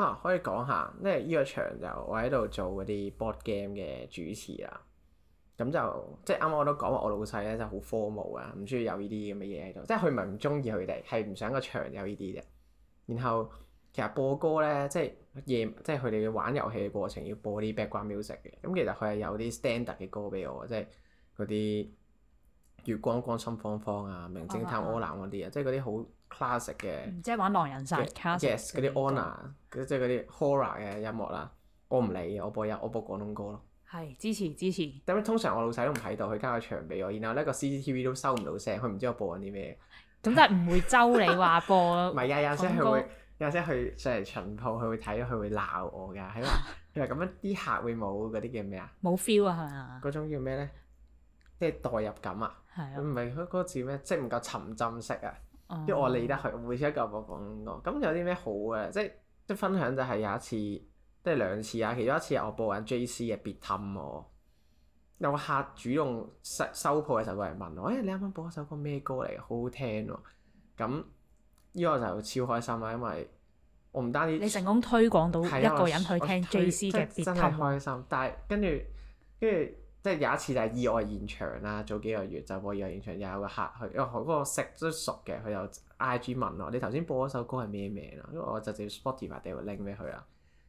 啊！可以講下，因為呢個場就我喺度做嗰啲 board game 嘅主持啦。咁就即係啱啱我都講話，我老細咧就好 formal 啊，唔中意有呢啲咁嘅嘢喺度。即係佢唔係唔中意佢哋，係唔想個場有呢啲嘅。然後。其實播歌咧，即係夜，即係佢哋玩遊戲嘅過程要播啲 background music 嘅。咁其實佢係有啲 standard 嘅歌俾我，即係嗰啲月光光心慌慌啊、名偵探柯南嗰啲啊，嗯、即係嗰啲好 classic 嘅。即係玩狼人殺 classic，yes 嗰啲 owner 即係嗰啲 horror 嘅音樂啦。我唔理我播一我播廣東歌咯。係支持支持。咁通常我老細都唔喺度，佢加個牆俾我，然後呢個 CCTV 都收唔到聲，佢唔知我播緊啲咩。咁就唔會周你話播。唔係啊，有時係會。啊、有陣時佢上嚟巡鋪，佢會睇，佢會鬧我㗎，係咯，佢話咁樣啲客會冇嗰啲叫咩啊？冇 feel 啊，係嘛？嗰種叫咩咧？即係代入感啊，係啊，唔係嗰個字咩？即係唔夠沉浸式啊。即、嗯、我理得佢，每次一嚿我講咁有啲咩好嘅？即係即分享就係有一次，即係兩次啊。其中一次我播緊 J C 嘅《別氹我》，有個客主動收收鋪嘅時候過嚟問我：哎、欸，你啱啱播一首歌咩歌嚟？好好聽喎，哦。咁呢個就超開心啦，因為我唔單止，你成功推廣到一個人去聽 J.C. 嘅別套，開心！哄但係跟住跟住即係有一次就係意外現場啦，早幾個月就播意外現場，又有個客去，因為我嗰個識都熟嘅，佢有 I.G. 問我，你頭先播嗰首歌係咩名啊？因為我就直接 Spotify 定 link 俾佢啦。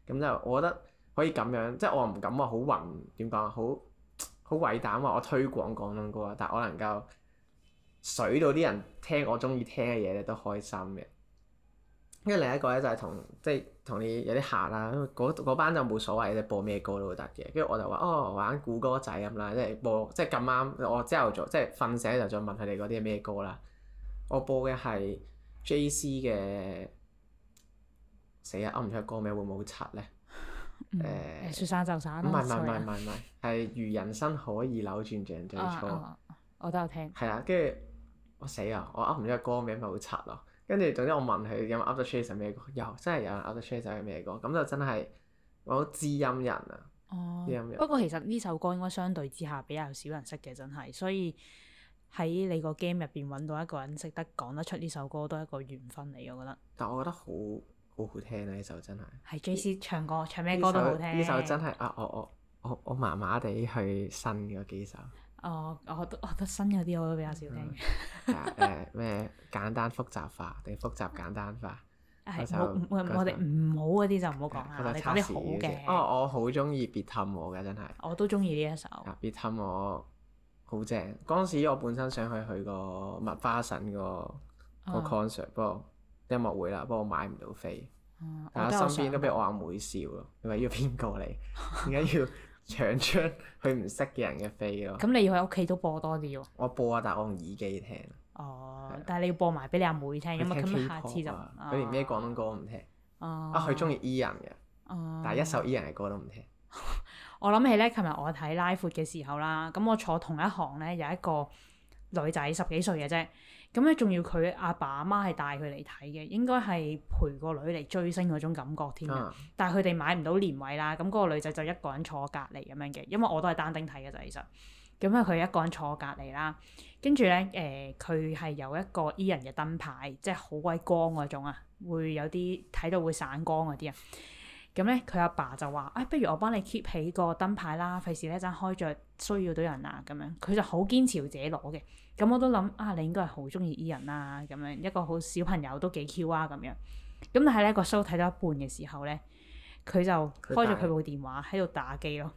咁就我覺得可以咁樣，即係我唔敢話好混，點講好好偉大話我推廣廣東歌啊，但係我能夠。水到啲人聽我中意聽嘅嘢咧，都開心嘅。跟住另一個咧就係同即係同你有啲客啦，嗰班就冇所謂，你播咩歌都會得嘅。跟住我就話：哦，玩估歌仔咁啦，即係播即係咁啱。我朝頭早即係瞓醒就再問佢哋嗰啲咩歌啦。我播嘅係 J.C. 嘅，死啊，諗唔出歌名會唔會好柒咧？誒雪山就山，唔係唔係唔係唔係，係如人生可以扭轉，轉最初，我都有聽。係啦，跟住。我死啊！我 Up 唔到個歌名咪好柒咯，跟住總之我問佢有冇 Out 噏得出係咩歌，又真係有人噏得出就係咩歌，咁就真係我知音人啊！哦、知音人。不過其實呢首歌應該相對之下比較少人識嘅，真係，所以喺你個 game 入邊揾到一個人識得講得出呢首歌都係一個緣分嚟，我覺得。但我覺得好好好聽啊！呢首真係。係 JC 唱歌，唱咩歌都首好聽。呢首真係啊！我我我我麻麻地去新嗰幾首。哦，我覺得，我覺得新嗰啲我都比較少聽、嗯。係、嗯、咩、嗯、簡單複雜化定複雜簡單化？係冇、哎，我哋唔好嗰啲就唔、嗯、好講啦。我哋講啲好嘅。哦，我好中意別氹我嘅真係。我都中意呢一首。啊，別氹我，好正。嗰陣時我本身想去佢個麥花臣個、嗯、個 concert，不過音樂會啦，不過我買唔到飛。哦，我，我身邊都俾我阿妹、妹笑咯，你話要邊個嚟？點解要？搶出佢唔識嘅人嘅飛咯，咁你要喺屋企都播多啲喎。我播啊，但係我用耳機聽。哦，但係你要播埋俾你阿妹聽，咁啊，咁下次就佢連咩廣東歌唔聽。啊，佢中意 E 人嘅，但係一首 E 人嘅歌都唔聽。我諗起咧，琴日我睇拉闊嘅時候啦，咁我坐同一行咧有一個女仔，十幾歲嘅啫。咁咧，仲要佢阿爸阿媽係帶佢嚟睇嘅，應該係陪個女嚟追星嗰種感覺添、uh. 但係佢哋買唔到連位啦，咁、那、嗰個女仔就一個人坐隔離咁樣嘅，因為我都係單丁睇㗎咋。其實，咁啊佢一個人坐隔離啦，跟住咧，誒佢係有一個伊人嘅燈牌，即係好鬼光嗰種啊，會有啲睇到會散光嗰啲啊。咁咧，佢阿爸就話，誒、哎，不如我幫你 keep 起個燈牌啦，費事呢一陣開着，需要到人啊。咁樣，佢就好堅持要自己攞嘅。咁我都諗，啊，你應該係好中意 Ian 啦。咁樣一個好小朋友都幾 Q 啊。咁樣，咁但係咧，個 show 睇到一半嘅時候咧，佢就開咗佢部電話喺度打機咯，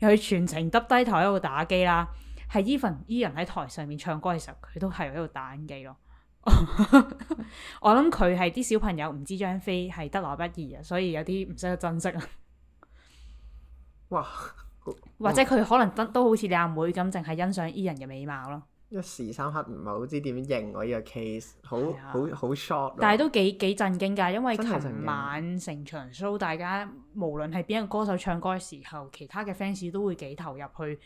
佢全程耷低頭喺度打機啦。係 Even，Ian 喺台上面唱歌嘅時候，佢都係喺度打緊機咯。 我諗佢係啲小朋友唔知張飛係得來不易啊，所以有啲唔識得珍惜啊。 哇！或者佢可能都都好似你阿妹咁，淨係欣賞伊人嘅美貌咯。一時三刻唔係好知點認我呢個 case，好、啊、好 short。好好 sh 但係都幾幾震驚噶，因為琴晚成場 show，大家無論係邊一個歌手唱歌嘅時候，其他嘅 fans 都會幾投入去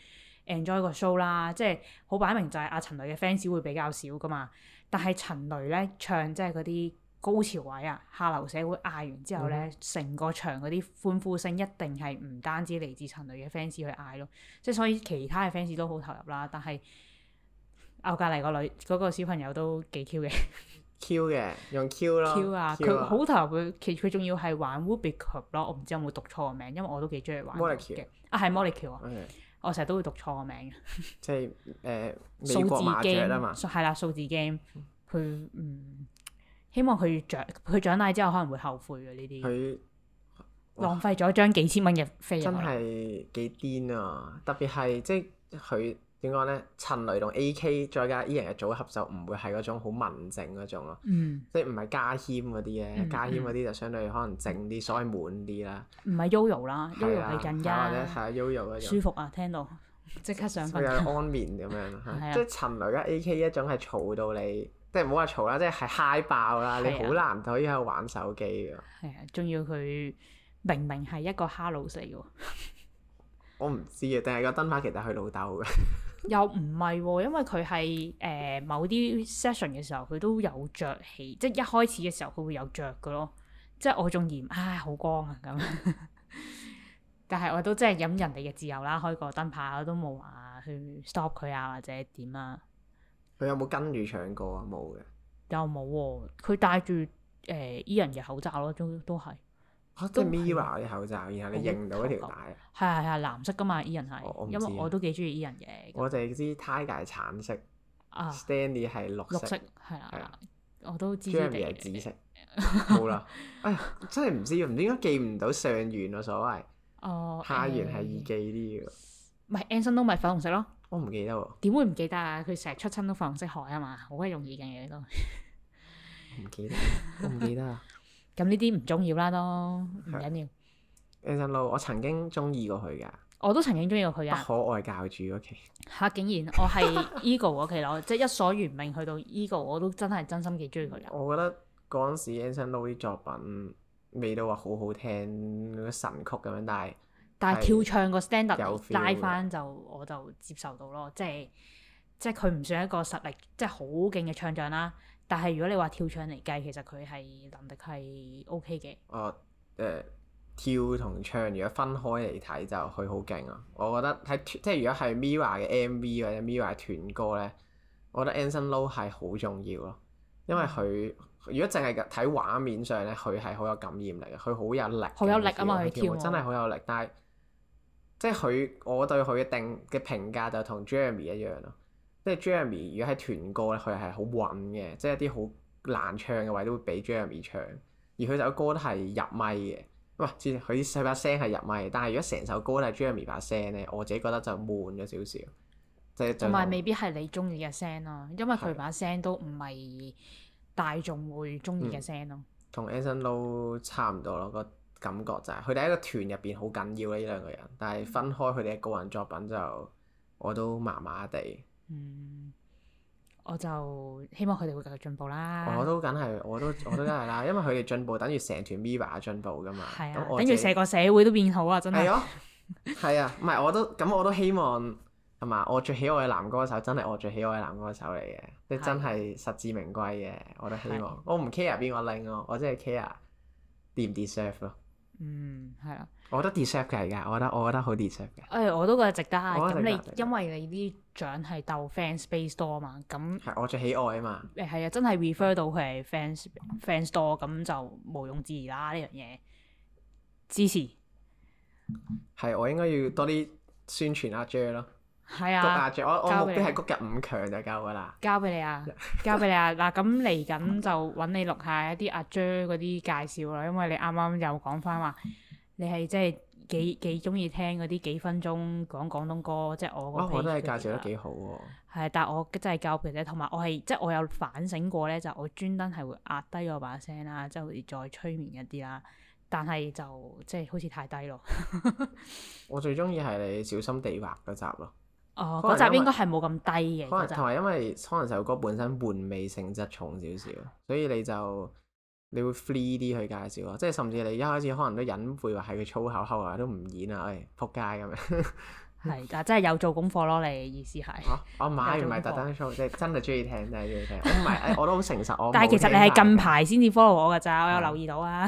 enjoy 個 show 啦。即係好擺明就係阿陳女嘅 fans 會比較少噶嘛。但係陳雷咧唱即係嗰啲高潮位啊，下流社會嗌完之後咧，成、嗯、個場嗰啲歡呼聲一定係唔單止嚟自陳雷嘅 fans 去嗌咯，即係所以其他嘅 fans 都好投入啦。但係我隔離個女嗰、嗰個小朋友都幾 Q 嘅，Q 嘅用 Q 咯，Q 啊，佢好投入佢，佢佢仲要係玩 woobie club 咯。我唔知有冇讀錯個名，因為我都幾中意玩嘅啊，係 m o l i q u e 啊。我成日都會讀錯個名即係誒、呃、 數字 game 啊嘛。係啦，數字 game 佢，嗯，希望佢長佢長大之後可能會後悔嘅呢啲。佢浪費咗張幾千蚊嘅飛。真係幾癲啊！嗯、特別係即係佢。點講咧？陳雷同 A.K. 再加依人嘅組合就唔會係嗰種好文靜嗰種咯，mm hmm. 即係唔係家謙嗰啲咧？家謙嗰啲就相對可能靜啲，所以悶啲啦。唔係悠柔啦，悠柔係緊啲。睇下悠柔嗰種舒服啊，聽到即刻想瞓。佢係安眠咁樣， 的即係陳雷加 A.K. 一種係嘈到你， 的即係唔好話嘈啦，即係係嗨爆啦， 的你好難可以喺度玩手機㗎。係啊 仲要佢明明係一個 Hello 嚟㗎。 我唔知啊，定係個燈牌其實係老豆㗎。 又唔係喎，因為佢係誒某啲 session 嘅時候，佢都有着起，即係一開始嘅時候佢會有着嘅咯。即係我仲嫌唉，好光啊咁， 但係我都即係忍人哋嘅自由啦，開個燈牌我都冇話去 stop 佢啊或者點啊。佢有冇跟住唱歌啊？冇嘅。又冇喎，佢戴住誒醫人嘅口罩咯，都都係。即係 Mirror 嗰啲口罩，然後你認到一條帶，係係係藍色㗎嘛？Ian 係，因為我都幾中意 Ian 嘅。我淨係知 Tiger 係橙色，Stanley 係綠色，係啊，我都知。Jer 係紫色，冇啦。哎呀，真係唔知啊，唔應該記唔到上圓啊所謂。哦。下圓係易記啲嘅。唔 Anson 都咪粉紅色咯。我唔記得喎。點會唔記得啊？佢成日出親都粉紅色海啊嘛，好鬼容易嘅嘢都。唔記得，我唔記得啊。咁呢啲唔重要啦，都唔緊要。Yeah. Anson Lo，我曾經中意過佢噶，我都曾經中意過佢啊。不可愛教主嗰期嚇，竟然我係 Eagle 嗰期咯，okay. 即係一所原命去到 Eagle，我都真係真心幾中意佢㗎。我覺得嗰陣時 Anson Lo 啲作品未到話好好聽神曲咁樣，但係但係跳唱個 standard 拉翻就我就接受到咯，即係即係佢唔算係一個實力即係好勁嘅唱將啦。但係如果你話跳唱嚟計，其實佢係能力係 O K 嘅。哦、uh, 呃，誒跳同唱如果分開嚟睇就佢好勁啊！我覺得喺即係如果係 Mirror 嘅 M V 或者 Mirror 團歌咧，我覺得 Anson Lo 係好重要咯。因為佢如果淨係睇畫面上咧，佢係好有感染力嘅，佢好有，有，有力。好有力啊嘛！佢跳真係好有力，但係即係佢，我對佢嘅定嘅評價就同 Jeremy 一樣咯。即係 Jeremy 如果喺團歌咧，佢係好穩嘅，即係一啲好難唱嘅位都會俾 Jeremy 唱。而佢首歌都係入咪嘅，哇！佢把聲係入咪，但係如果成首歌都係 Jeremy 把聲咧，我自己覺得就悶咗少少，同埋未必係你中意嘅聲咯，因為佢把聲都唔係大眾會中意嘅聲咯，同 Anson Lo 差唔多咯。個感覺就係佢哋喺個團入邊好緊要啦。呢兩個人，但係分開佢哋嘅個人作品就我都麻麻地。嗯，我就希望佢哋會繼續進步啦。我都梗係，我都我都梗係啦，因為佢哋進步，等於成團 Viva 進步噶嘛。係 啊，等於成個社會都變好啊，真係。係啊，唔係我都咁，我都希望係嘛？ 我最喜愛嘅男歌手真係我最喜愛嘅男歌手嚟嘅，即是真係實至名歸嘅。我都希望，是我唔 care 邊個領咯，我真係 care deserve 唔 deserve 咯。嗯，係啊，我覺得 deserve 嘅嚟噶，我覺得我覺得好 deserve 嘅。誒，我都覺得值得嚇。咁你得因為你啲獎係鬥 fans base 多啊嘛，咁係我最喜愛啊嘛。誒，係啊，真係 refer 到佢係 fans fans 多，咁就毋庸置疑啦呢樣嘢，支持。係，我應該要多啲宣傳阿 Jer 咯。係啊，我交俾你啊，交俾你啊！嗱，咁嚟緊就揾你錄下一啲阿 j 嗰啲介紹啦，因為你啱啱又講返話你係即係幾 幾中意聽嗰啲幾分鐘講廣東歌，即、就、係、是、我。哇！我都係介紹得幾好喎。係，但係我真係交俾你。同埋我係即係我有反省過呢，就我專登係會壓低我把聲啦，即係好似再催眠一啲啦，但係就即係好似太低咯。 我最中意係你小心地滑嗰集咯。哦，嗰、oh, 集應該係冇咁低嘅。可能同埋能因為可能首歌本身玩味性質重少少，所以你就你會 free 啲去介紹啊，即係甚至你一開始可能都隱晦話係佢粗口口啊，都唔演啊，唉、哎，撲街咁樣。係 啊，真係有做功課咯，你意思係、啊？我買唔係特登做，即、就、係、是、真係中意聽，真係中意聽。 我唔係，我都好誠實，我但係其實你係近排先至 follow 我㗎咋，我有留意到啊。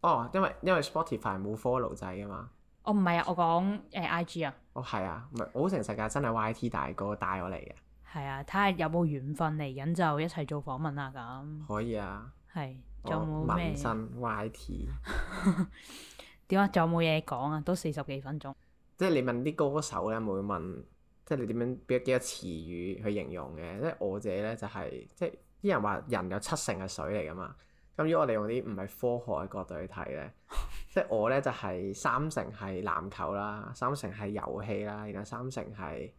哦、 oh,，因為因為 Spotify 冇 follow 仔㗎嘛。我唔係啊，我講誒 IG 啊。嗯。哦，係啊，唔係，我好誠實㗎，真係 YT 大哥帶我嚟嘅。係啊，睇下有冇緣分，嚟緊就一齊做訪問啊咁。可以啊。係是，仲有冇咩？紋 YT 點啊？仲麼 有冇嘢講啊？都四十幾分鐘。即係你問啲歌手咧，會問，即係你點樣，俾幾多詞語去形容嘅？即係我自己咧，就係、是，即係啲人話人有七成係水嚟噶嘛。咁如果我哋用啲唔係科學嘅角度去睇咧， 即係我咧就係、是、三成係籃球啦，三成係遊戲啦，然後三成係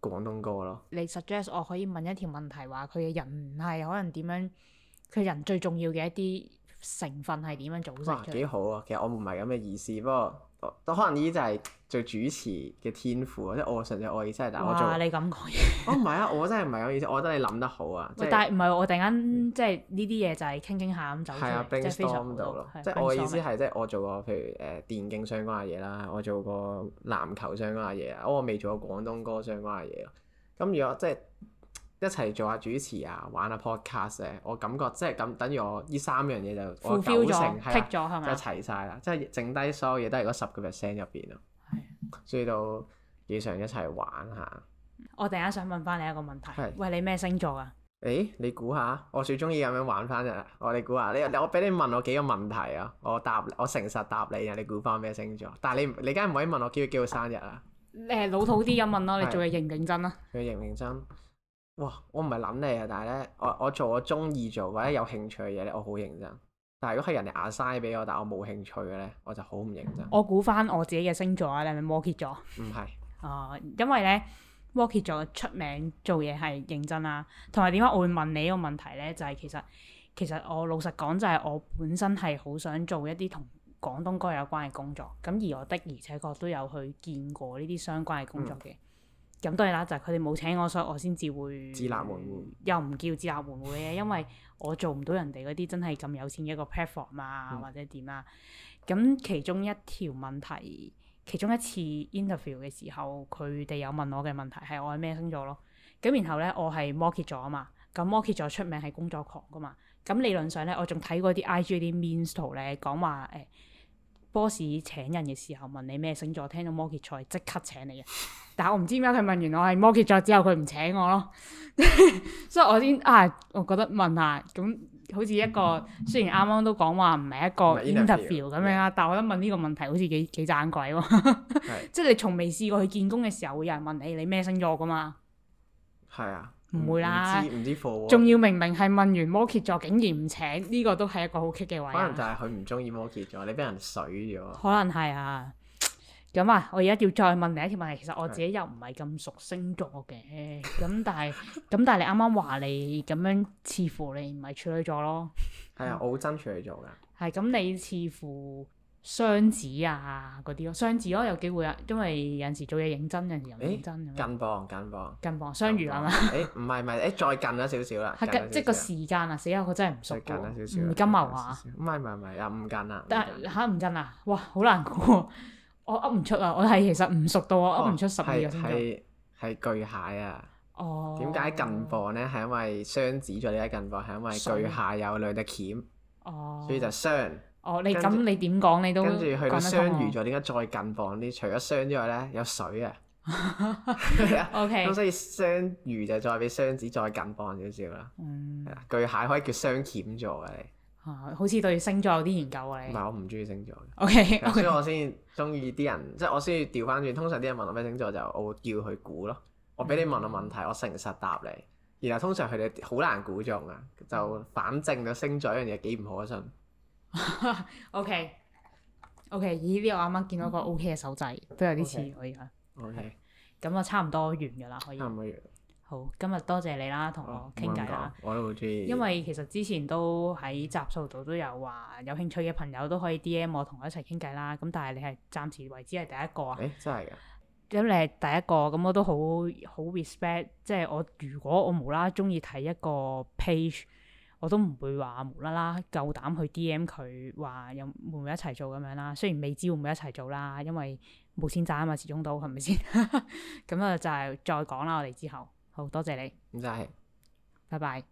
廣東歌咯。你 suggest 我可以問一條問題話佢嘅人係可能點樣？佢人最重要嘅一啲成分係點樣組成嘅？哇，幾好啊！其實我唔係咁嘅意思，不過。都可能呢啲就係做主持嘅天賦啊！即係我純粹我意思係，但係我做。哇！你咁講嘢。我唔係啊！我真係唔係咁意思。我覺得你諗得好啊。 即但係唔係我突然間、嗯、即係呢啲嘢就係傾傾下咁就。咗、啊，即係非常唔到咯。啊、即係我嘅意思係即係我做過譬如誒電競相關嘅嘢啦，我做過籃球相關嘅嘢啊，我未做過廣東歌相關嘅嘢咯。咁如果即係。一齊做下主持啊，玩下 podcast 嘅、啊，我感覺即係咁，等於我呢三樣嘢就，我九成係啦，一、啊、齊晒啦，即係剩低所有嘢都係嗰十個 percent 入邊咯。係、啊，的所以都幾常一齊玩下。我突然間想問翻你一個問題，的喂，你咩星座啊？誒、欸，你估下，我最中意咁樣玩翻嘅，我哋估下，你我俾你問我幾個問題啊？我答，我誠實答你啊！你估翻咩星座？但係你你梗係唔可以問我幾月幾號生日啊？誒老土啲咁 問咯，你做嘢認唔認真啊的？佢認唔認真？ 哇！我唔係諗你啊，但係咧，我我做我中意做或者有興趣嘅嘢咧，我好認真。但係如果係人哋壓晒俾我，但我冇興趣嘅咧，我就好唔認真。我估翻我自己嘅星座啊，你係咪摩羯座？唔係。啊，呃，因為咧摩羯座出名做嘢係認真啦，同埋點解我會問你呢個問題咧？就係其實、其實我老實講，就係我本身係好想做一啲同廣東歌有關嘅工作，咁而我的而且確都有去見過呢啲相關嘅工作嘅。嗯咁當然啦，就係佢哋冇請我，所以我先至會自立門戶，又唔叫自立門戶嘅，因為我做唔到人哋嗰啲真係咁有錢嘅一個 platform 啊，或者點啊。咁、嗯、其中一條問題，其中一次 interview 嘅時候，佢哋有問我嘅問題係我係咩星座咯。咁然後咧，我係摩羯座啊嘛。咁摩羯座出名係工作狂噶嘛。咁理論上咧，我仲睇過啲 IG 啲 meme 圖咧，講話誒，欸 boss 請人嘅時候問你咩星座，聽到摩羯座即刻請你啊！但係我唔知點解佢問完我係摩羯座之後，佢唔請我咯， 所以我先啊、哎，我覺得問下咁好似一個、嗯、雖然啱啱都講話唔係一個 interview 咁樣啦，但係我覺得問呢個問題好似幾、嗯、幾盞鬼喎、啊， 的即係你從未試過去見工嘅時候會有人問你你咩星座噶嘛？係啊。唔會啦，仲、啊、要明明係問完摩羯座，竟然唔請，呢、這個都係一個好棘嘅位、啊。可能就係佢唔中意摩羯座，你俾人水咗。可能係啊，咁 啊，我而家要再問另一條問題，其實我自己又唔係咁熟星座嘅，咁 但係，咁但係你啱啱話你咁樣，似乎你唔係處女座咯。係啊，我好憎處女座㗎。係咁， 你似乎。雙子啊，嗰啲咯，雙子咯、啊、有機會啊，因為有陣時做嘢認真，有陣時唔認真。近播近播，近播雙魚係嘛？誒唔係唔係誒，再近咗少少啦。係即係個時間啊！死啊，我真係唔熟。再近咗少少。唔金牛啊？唔係唔係唔係，又唔近啊。近但係嚇唔近啊！哇，好難過， 我噏唔出啊！我係其實唔熟到我噏唔出十二個係係、哦、巨蟹啊！哦，點解近播咧？係因為雙子座呢家近播，係因為巨蟹有兩隻鉗，哦，所以就雙。哦，你咁著你點講你都跟住佢到雙魚座，點解再近傍啲？除咗雙之外咧，有水啊。O K. 咁所以雙魚就再比雙子再近傍少少啦。 嗯。巨蟹可以叫雙鉗座嘅。你、啊、好似對星座有啲研究啊你。唔係，我唔中意星座嘅。O Okay , K. okay. 所以我先中意啲人， 即係我先要調翻轉。通常啲人問我咩星座，就我會叫佢估咯。嗯、我俾你問個問題，我誠實答你。然後通常佢哋好難估中啊，就反證咗星座一樣嘢幾唔可信。O K，O K，咦？呢我啱啱見到個 O K 嘅手勢，都有啲似我依家。O K，咁啊，差唔多完噶啦，可以。好，今日多謝你啦，同我傾偈啦。哦、我都好中意。因為其實之前都喺集數度都有話，有興趣嘅朋友都可以 D M 我，同我一齊傾偈啦。咁但係你係暫時為止係第一個啊？誒，真係㗎。咁你係第一個，咁、欸、我都好好 respect，即係我如果我無啦啦中意睇一個 page。我都唔會話無啦啦夠膽去 DM 佢話有會唔會一齊做咁樣啦，雖然未知會唔會一齊做啦，因為冇錢賺啊嘛，始終都係咪先？咁啊， 就係再講啦，我哋之後好多謝你，唔該謝拜拜。